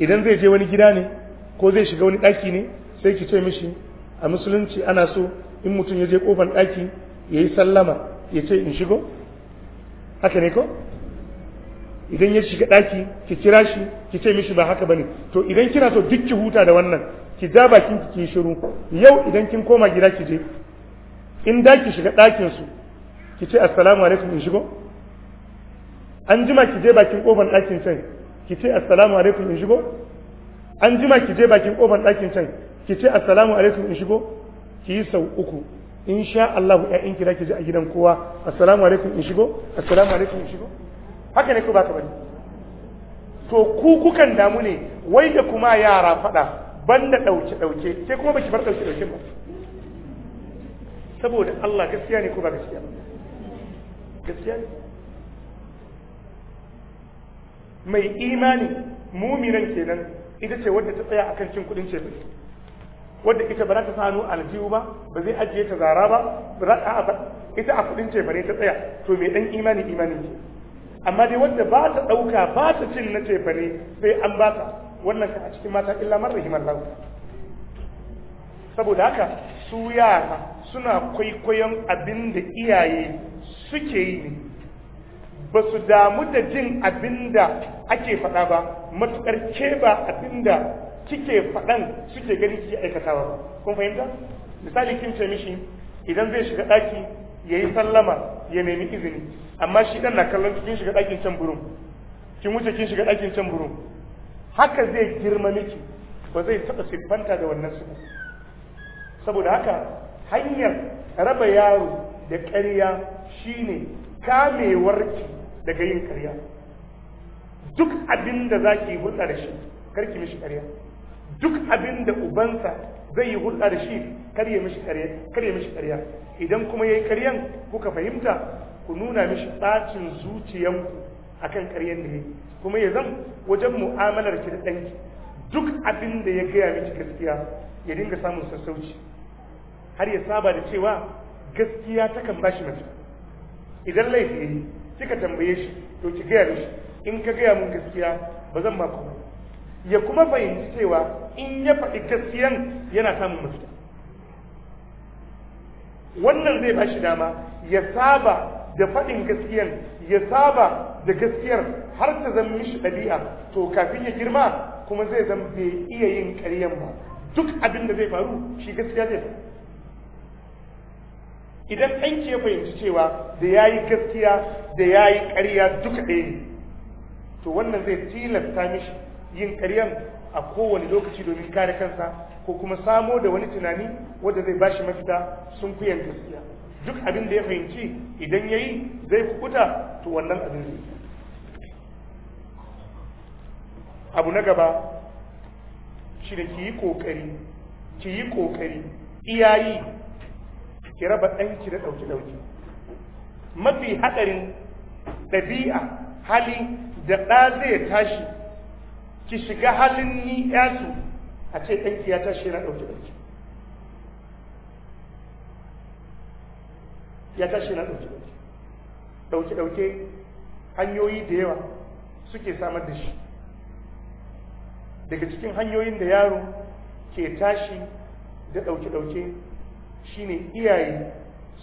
idan zai je wani gida ne ko zai shiga wani ɗaki ne sai ki ce mishi a musulunci ana so in mutum ya je kofan ɗaki ya yi sallama ya ce in shigo haka ne ko idan ya shiga ɗaki ki kira shi ki ce mishi ba haka bane to idan kina so duk ki huta da wannan ki ja bakin ki ki shiru yau idan kin koma gida ki je in da ki shiga ɗakinsu su ki ce assalamu alaikum in shigo an jima ki je bakin kofan ɗakin can ki ce assalamu alaikum in shigo an jima ki je bakin kofar ɗakin can ki ce assalamu alaikum in shigo ki yi sau uku in sha Allah ƴaƴan ki ki je a gidan kowa assalamu alaikum in shigo assalamu alaikum in shigo haka ne ku ba ka bari to ku kukan damu ne wai da kuma yara faɗa banda ɗauke ɗauke sai kuma baki bar ɗauke ɗauke ba saboda Allah gaskiya ne ko ba gaskiya ba gaskiya ne mai imani muminan kenan ita ce wadda ta tsaya akan cin kudin cefin wadda ita ba za ta sanu aljihu ba ba zai ajiye ta zara ba ba ba ita a kudin cefin ta tsaya to mai dan imani imani ce amma dai wadda ba ta dauka ba ta cin na cefin sai an ba ta wannan ka a cikin mata illa man himar lahu saboda haka su yara suna kwaikwayon abin da iyaye suke yi ne ba su damu da jin abin da ake faɗa ba matuƙar ke ba abin da kike faɗan suke gani kike aikatawa ba kun fahimta misali kin ce mishi idan zai shiga ɗaki ya yi sallama ya nemi izini amma shi ɗan na kallon kin shiga ɗakin can burin kin wuce kin shiga ɗakin can burin haka zai girma miki ba zai taɓa siffanta da wannan su saboda haka hanyar raba yaro da ƙarya shine kamewarki daga yin karya duk abin da za ki hulɗa da shi kar mishi karya duk abin da ubansa zai yi hulɗa da shi kar mishi karya idan kuma yayi karyan kuka fahimta ku nuna mishi tsacin zuciyanku akan karyan da yayi kuma ya zan wajen mu'amalar ki da danki duk abin ya gaya miki gaskiya ya dinga samun sassauci har ya saba da cewa gaskiya takan bashi mata idan laifi yayi kika tambaye shi to ki gaya mishi in ka gaya mun gaskiya ba zan ma komai ya kuma fahimci cewa in ya faɗi gaskiyan yana samun mafita wannan zai ba shi dama ya saba da faɗin gaskiyan ya saba da gaskiyar har ta zan mishi ɗabi'a to kafin ya girma kuma zai zan bai iya yin ƙaryan ba duk abin da zai faru shi gaskiya zai faru idan ɗanki ya fahimci cewa da ya yi gaskiya da ya yi ƙarya duka ɗaya ne to wannan zai tilasta mishi yin ƙaryan a kowane lokaci domin kare kansa ko kuma samo da wani tunani wanda zai bashi mafita sun kuyan gaskiya duk abin da ya fahimci idan ya yi zai kukuta to wannan abin zai abu na gaba shi da ki yi ƙoƙari ki yi ƙoƙari iyayi ki raba ɗanki da ɗauki ɗauki mafi haɗarin ɗabi'a hali da ɗa zai tashi ki shiga halin ni yasu a ce ɗanki ya tashi yana ɗauki ɗauki ya tashi yana ɗauki ɗauki ɗauki ɗauke hanyoyi da yawa suke samar da shi daga cikin hanyoyin da yaro ke tashi da ɗauke ɗauke shine iyaye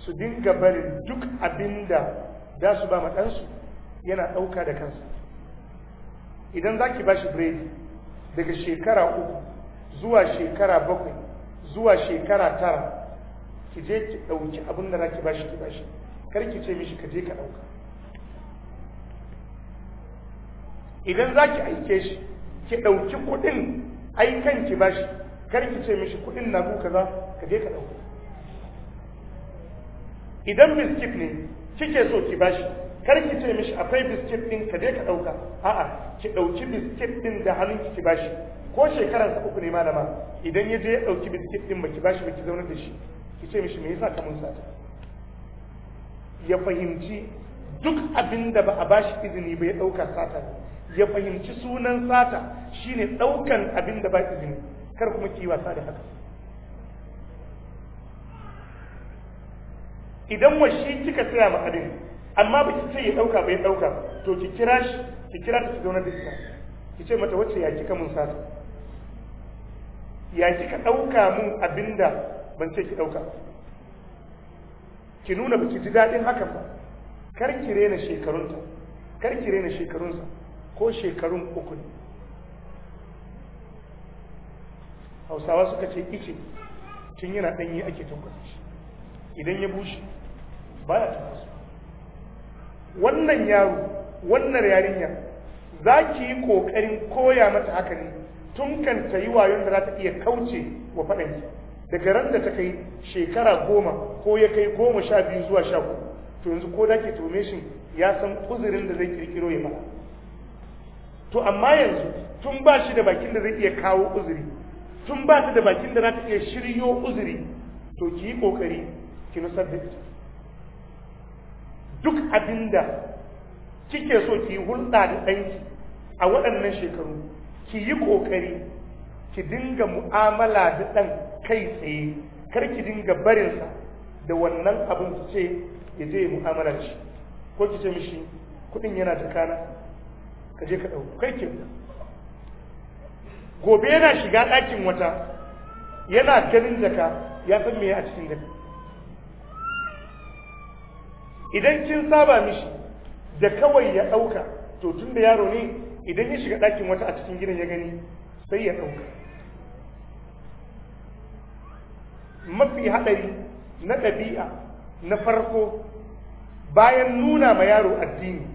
su dinga barin duk abinda za su ba ɗansu yana ɗauka da kansa idan za ki ba shi biredi daga shekara uku zuwa shekara bakwai zuwa shekara tara ki je ki ɗauki abin da za ki ba shi ki ba shi kar ki ce mishi ka je ka ɗauka idan za ki aike shi ki ɗauki kuɗin aikan ki ba shi kar ki ce mishi kuɗin na kaza ka je ka ɗauka idan biskit ne kike so ki bashi kar ki ce mishi akwai biskit din ka je ka dauka a'a ki dauki biskit din da hannun ki bashi ko shekaran sa uku ne malama idan ya je ya dauki biskit din ki bashi ba ki zauna da shi ki ce mishi me yasa ka mun sata ya fahimci duk abin da ba a bashi izini ba ya dauka sata ya fahimci sunan sata shine daukan abin da ba izini kar kuma ki wasa da haka idan wa shi kika tsaya ma abin amma ba ki ce ya dauka ba ya dauka to ki kira shi ki kira ta zauna da ita ki ce mata wacce ya kika mun sata ya kika dauka mun abinda ban ce ki dauka ki nuna baki ji dadin haka ba kar ki rena shekarunta kar ki rena shekarunsa ko shekarun uku ne hausawa suka ce ice tun yana danyi ake tunkusa shi idan ya bushe ba ya taɓa su wannan yaro wannan yarinya za ki yi ƙoƙarin koya mata haka ne tun kan ta yi wayon da za ta iya kauce wa faɗanki daga ran da ta kai shekara goma ko ya kai goma sha biyu zuwa sha uku to yanzu ko da ke tome shi ya san uzurin da zai kirkiro ya mana to amma yanzu tun ba shi da bakin da zai iya kawo uzuri tun ba shi da bakin da za ta iya shiryo uzuri to ki yi ƙoƙari ki nusar da ita duk abinda kike so ki yi hulɗa da ɗanki a waɗannan shekaru ki yi ƙoƙari ki dinga mu'amala da ɗan kai tsaye kar ki dinga barinsa da wannan abin ki ce ya je ya mu'amala shi ko ki ce mishi kuɗin yana kana ka je ka ɗauko kai ki gobe yana shiga ɗakin wata yana ganin jaka ya san me a cikin jaka idan kin saba mishi da kawai ya ɗauka to tun da yaro ne idan ya shiga ɗakin wata a cikin gidan ya gani sai ya ɗauka mafi haɗari na ɗabi'a na farko bayan nuna ma yaro addini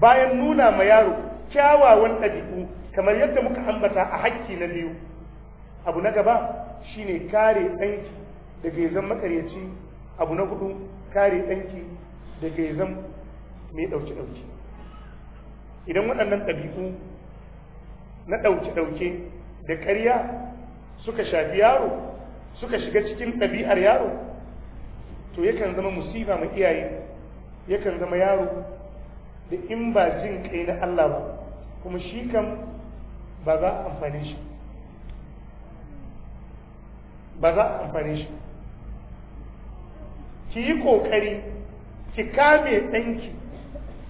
bayan nuna ma yaro kyawawan ɗabi'u kamar yadda muka ambata a hakki na biyu abu na gaba shine kare ɗanki daga ya zama ƙaryaci abu na hudu kare ɗanki da ke zan mai ɗauke-ɗauke idan waɗannan ɗabi'u na ɗauke-ɗauke da ƙarya suka shafi yaro suka shiga cikin ɗabi'ar yaro to yakan zama musiba ma iyaye yakan zama yaro da in ba jin kai na Allah ba kuma shi kam ba za a amfane shi ba za a amfane shi ki yi ƙoƙari ki kame ɗanki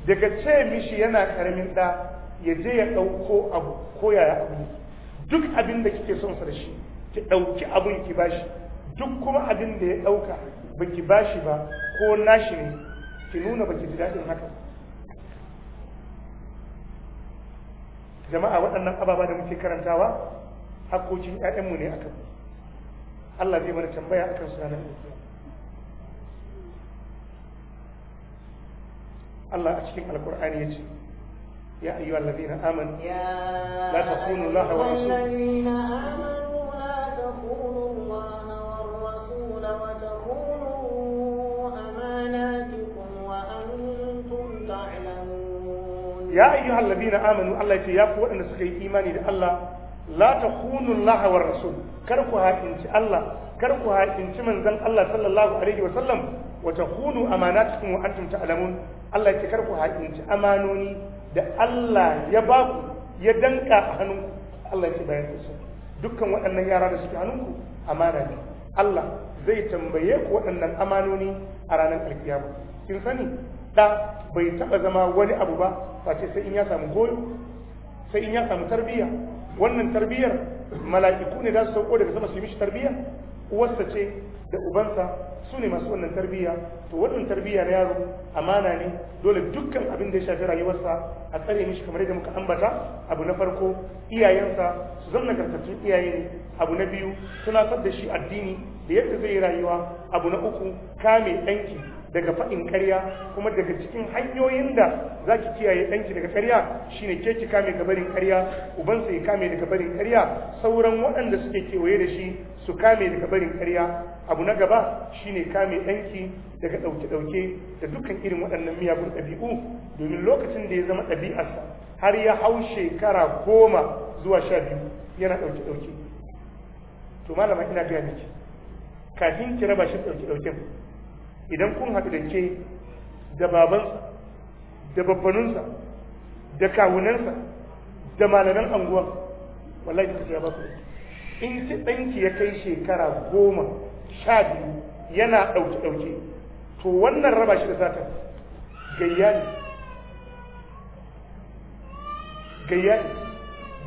daga ce mishi yana ƙaramin ɗa ya je ya ɗauko abu ko yaya abu duk abin da kike son sa da shi ki ɗauki abin ki bashi duk kuma abin da ya ɗauka baki bashi ba ko nashi ne ki nuna baki ji daɗin haka jama'a waɗannan ababa da muke karantawa haƙoƙin 'ya'yanmu ne akan Allah zai mana tambaya akan su ranar Allah a cikin alkur'ani ya ce ya ayyu allazina amanu la takunu Allah wa ya ayyuhal ladina amanu Allah ya ce ya ku waɗanda suka yi imani da Allah la takunu Allah wa rasul kar ku haƙinci Allah kar ku haƙinci manzon Allah sallallahu alaihi wa sallam Wata takunu amana cikin antum ta'lamun Allah ya kar ku haƙinci amanoni da Allah ya ba ku ya danka a hannunku Allah ya bayar da su dukkan waɗannan yara da suke hannunku amana ne Allah zai tambaye ku waɗannan amanoni a ranar alkiyama kin sani da bai taɓa zama wani abu ba face sai in ya samu goyo sai in ya samu tarbiyya wannan tarbiyyar mala'iku ne za su sauko daga sama su yi mishi tarbiyya uwarsa ce da ubansa su ne masu wannan tarbiyya to wannan tarbiyya na yaro amana ne dole dukkan abin da ya shafi rayuwarsa a tsare mishi kamar yadda muka ambata abu na farko iyayensa su zama nagartattun iyaye ne abu na biyu tunatar da shi addini da yadda zai yi rayuwa abu na uku kame ɗanki daga faɗin ƙarya kuma daga cikin hanyoyin da za ki kiyaye ɗanki daga ƙarya shine ke ki kame ga barin ƙarya ubansa ya kame daga barin ƙarya sauran waɗanda suke kewaye da shi su kame daga barin ƙarya abu na gaba shine kame ɗanki daga ɗauke-ɗauke da dukkan irin waɗannan miyagun ɗabi'u domin lokacin da ya zama ɗabi'arsa har ya hau shekara goma zuwa sha biyu yana ɗauke-ɗauke to malama ina gaya miki kafin ki raba shi ɗauke-ɗauken idan kun haɗu da ke da babansa da babbaninsa da kawunansa da malaman anguwan wallahi ta ya ba su in ci ɗanki ya kai shekara goma sha biyu yana ɗauke-ɗauke to wannan raba shi da sata gayya ne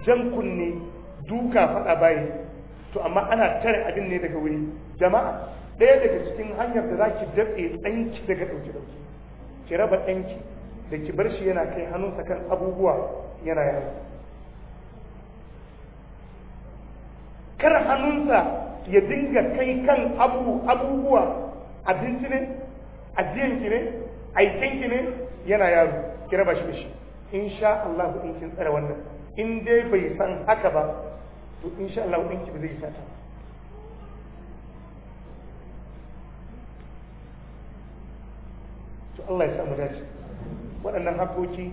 jan kunne duka faɗa bayi to amma ana tare abin ne daga wuri jama'a ɗaya daga cikin hanyar da za ki daɗe ɗanki daga ɗauki ɗauki ki raba ɗanki da ki bar shi yana kai hannunsa kan abubuwa yana yawa kar hannunsa ya dinga kai kan abu abubuwa abinci ne ajiyanki ne aikinki ne yana yaro ki raba shi da shi insha Allah in kin tsare wannan in dai bai san haka ba to insha Allah in ki ba zai sata to Allah ya samu dace waɗannan haƙoƙi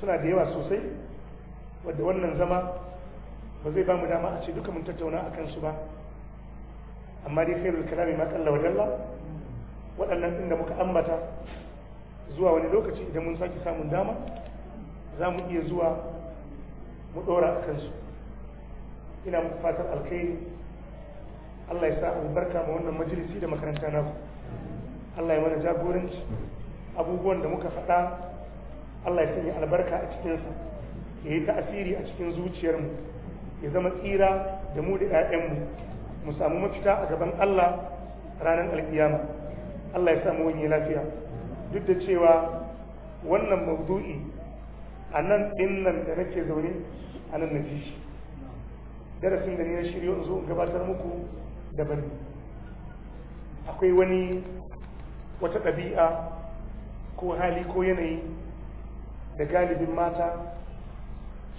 suna da yawa sosai wadda wannan zama ba zai ba mu dama a ce duka mun tattauna a kansu ba amma dai khairul kalami ma kalla wa dalla waɗannan inda muka ambata zuwa wani lokaci idan mun sake samun dama za mu iya zuwa mu ɗora a kansu ina muku fatar alkhairi Allah ya sa albarka ma wannan majalisi da makaranta naku Allah ya mana jagoranci abubuwan da muka faɗa Allah ya sanya albarka a cikinsu ya yi ta'asiri a cikin zuciyarmu ya zama tsira da mu da 'ya'yanmu mu samu mafita a gaban Allah ranar alkiyama Allah ya samu wani lafiya duk da cewa wannan mawdu'i a nan ɗin nan da nake zaune a nan na shi darasin da ni na shirya in zo in gabatar muku da bari akwai wani wata ɗabi'a ko hali ko yanayi da galibin mata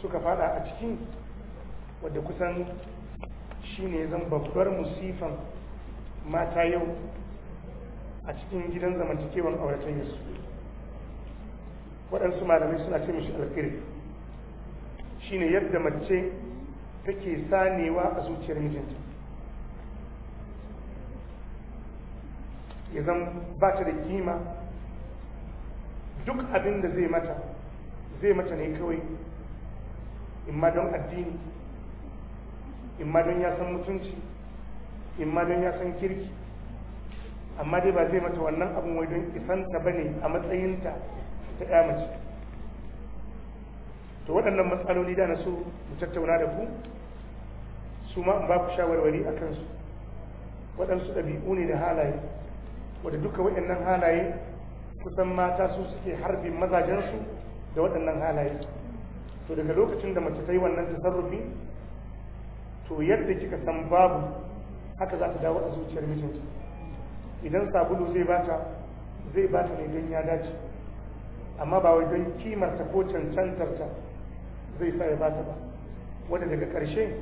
suka fada a cikin wadda kusan shi ne zan babbar musifan mata yau a cikin gidan zamantakewan yasu waɗansu malamai suna ce mishi alkiri shi ne yadda mace take sanewa a zuciyar mijinta ya zan ba ta da kima duk abin da zai mata zai mata ne kawai imma don addini imma don ya san mutunci imma don ya kirki amma dai ba zai mata wannan abin wai don isanta ba ne a matsayinta ta ya mace to waɗannan matsaloli da na so mu tattauna da ku su ma in ba ku shawarwari a kansu waɗansu ɗabi'u ne da halaye wadda duka waɗannan halaye kusan mata su suke harbin mazajensu da waɗannan halaye to daga lokacin da mace ta yi wannan tasarrufi to yadda kika san babu haka za ta dawo a zuciyar mijinta idan sabulu zai bata zai bata ne don ya dace amma ba wai don kimarta ko cancantarta zai sa ya bata ba wadda daga ƙarshe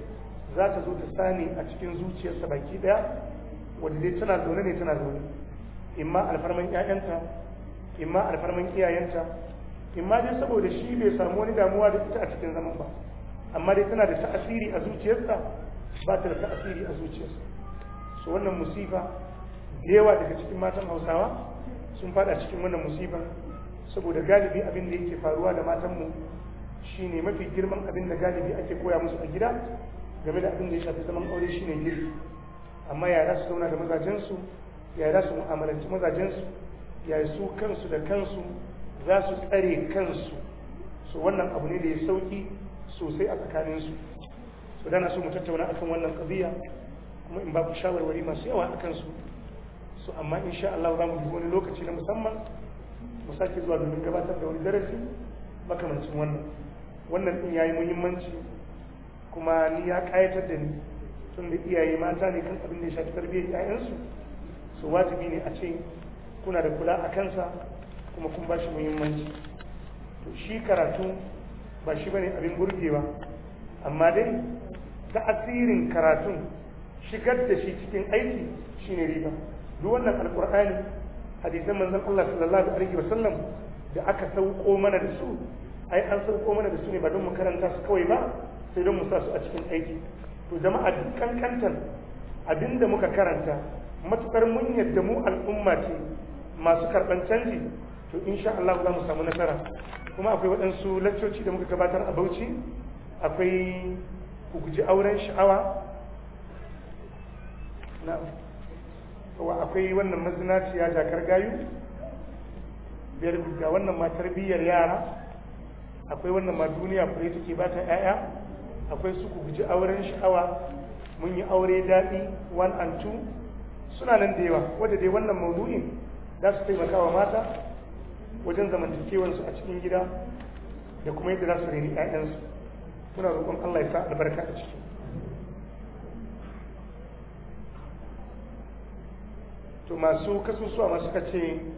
za ta zo ta sani a cikin zuciyarsa baki ɗaya wadda dai tana zaune ne tana zaune imma alfarman ƴaƴanta imma alfarman iyayenta imma dai saboda shi bai samu wani damuwa da ita a cikin zaman ba amma dai tana da ta'asiri a zuciyarsa ba ta da ta'asiri a zuciyarsa so wannan musifa yawa daga cikin matan hausawa sun fada cikin wannan musifa saboda galibi abin da yake faruwa da matanmu shine mafi girman abin da galibi ake koya musu a gida game da abin da ya shafi zaman aure shine girki amma yara su zauna da mazajensu ya za su mu'amalanci mazajensu ya su kansu da kansu za su tsare kansu su wannan abu ne da ya sauki sosai a tsakaninsu su dana su mu tattauna akan wannan ƙabiya kuma in ba shawarwari masu yawa a kansu su amma in sha Allah za mu bi wani lokaci na musamman mu sake zuwa domin gabatar da wani darasi makamancin wannan wannan din yayi muhimmanci kuma ni ya kayatar da ni tun da iyaye mata ne kan abin da ya shafi tarbiyyar 'ya'yansu so wajibi ne a ce kuna da kula a kansa kuma kun ba shi muhimmanci to shi karatu ba shi bane abin burgewa amma dai ta asirin karatun shigar da shi cikin aiki shine riba duk wannan alkur'ani hadisan manzan Allah sallallahu alaihi wasallam da aka sauko mana da su ai an sauko mana da su ne ba don mu karanta su kawai ba sai don mu sa su a cikin aiki to jama'a duk kankantar abinda muka karanta matukar mun yadda mu al'umma ce masu karɓan canji to insha Allah za mu samu nasara kuma akwai waɗansu laccoci da muka gabatar a Bauchi akwai ku guji auren sha'awa na akwai wannan mazinaciya jakar gayu biyar ga wannan ma tarbiyyar yara akwai wannan ma duniya fure take ba ta 'ya'ya akwai su ku guji auren sha'awa mun yi aure daɗi one and two suna nan da yawa wadda dai wannan maudu'in za su taimaka wa mata wajen zamantakewarsu a cikin gida da kuma yadda za su reni 'ya'yansu muna roƙon Allah ya sa albarka a ciki to masu kasusuwa masu kace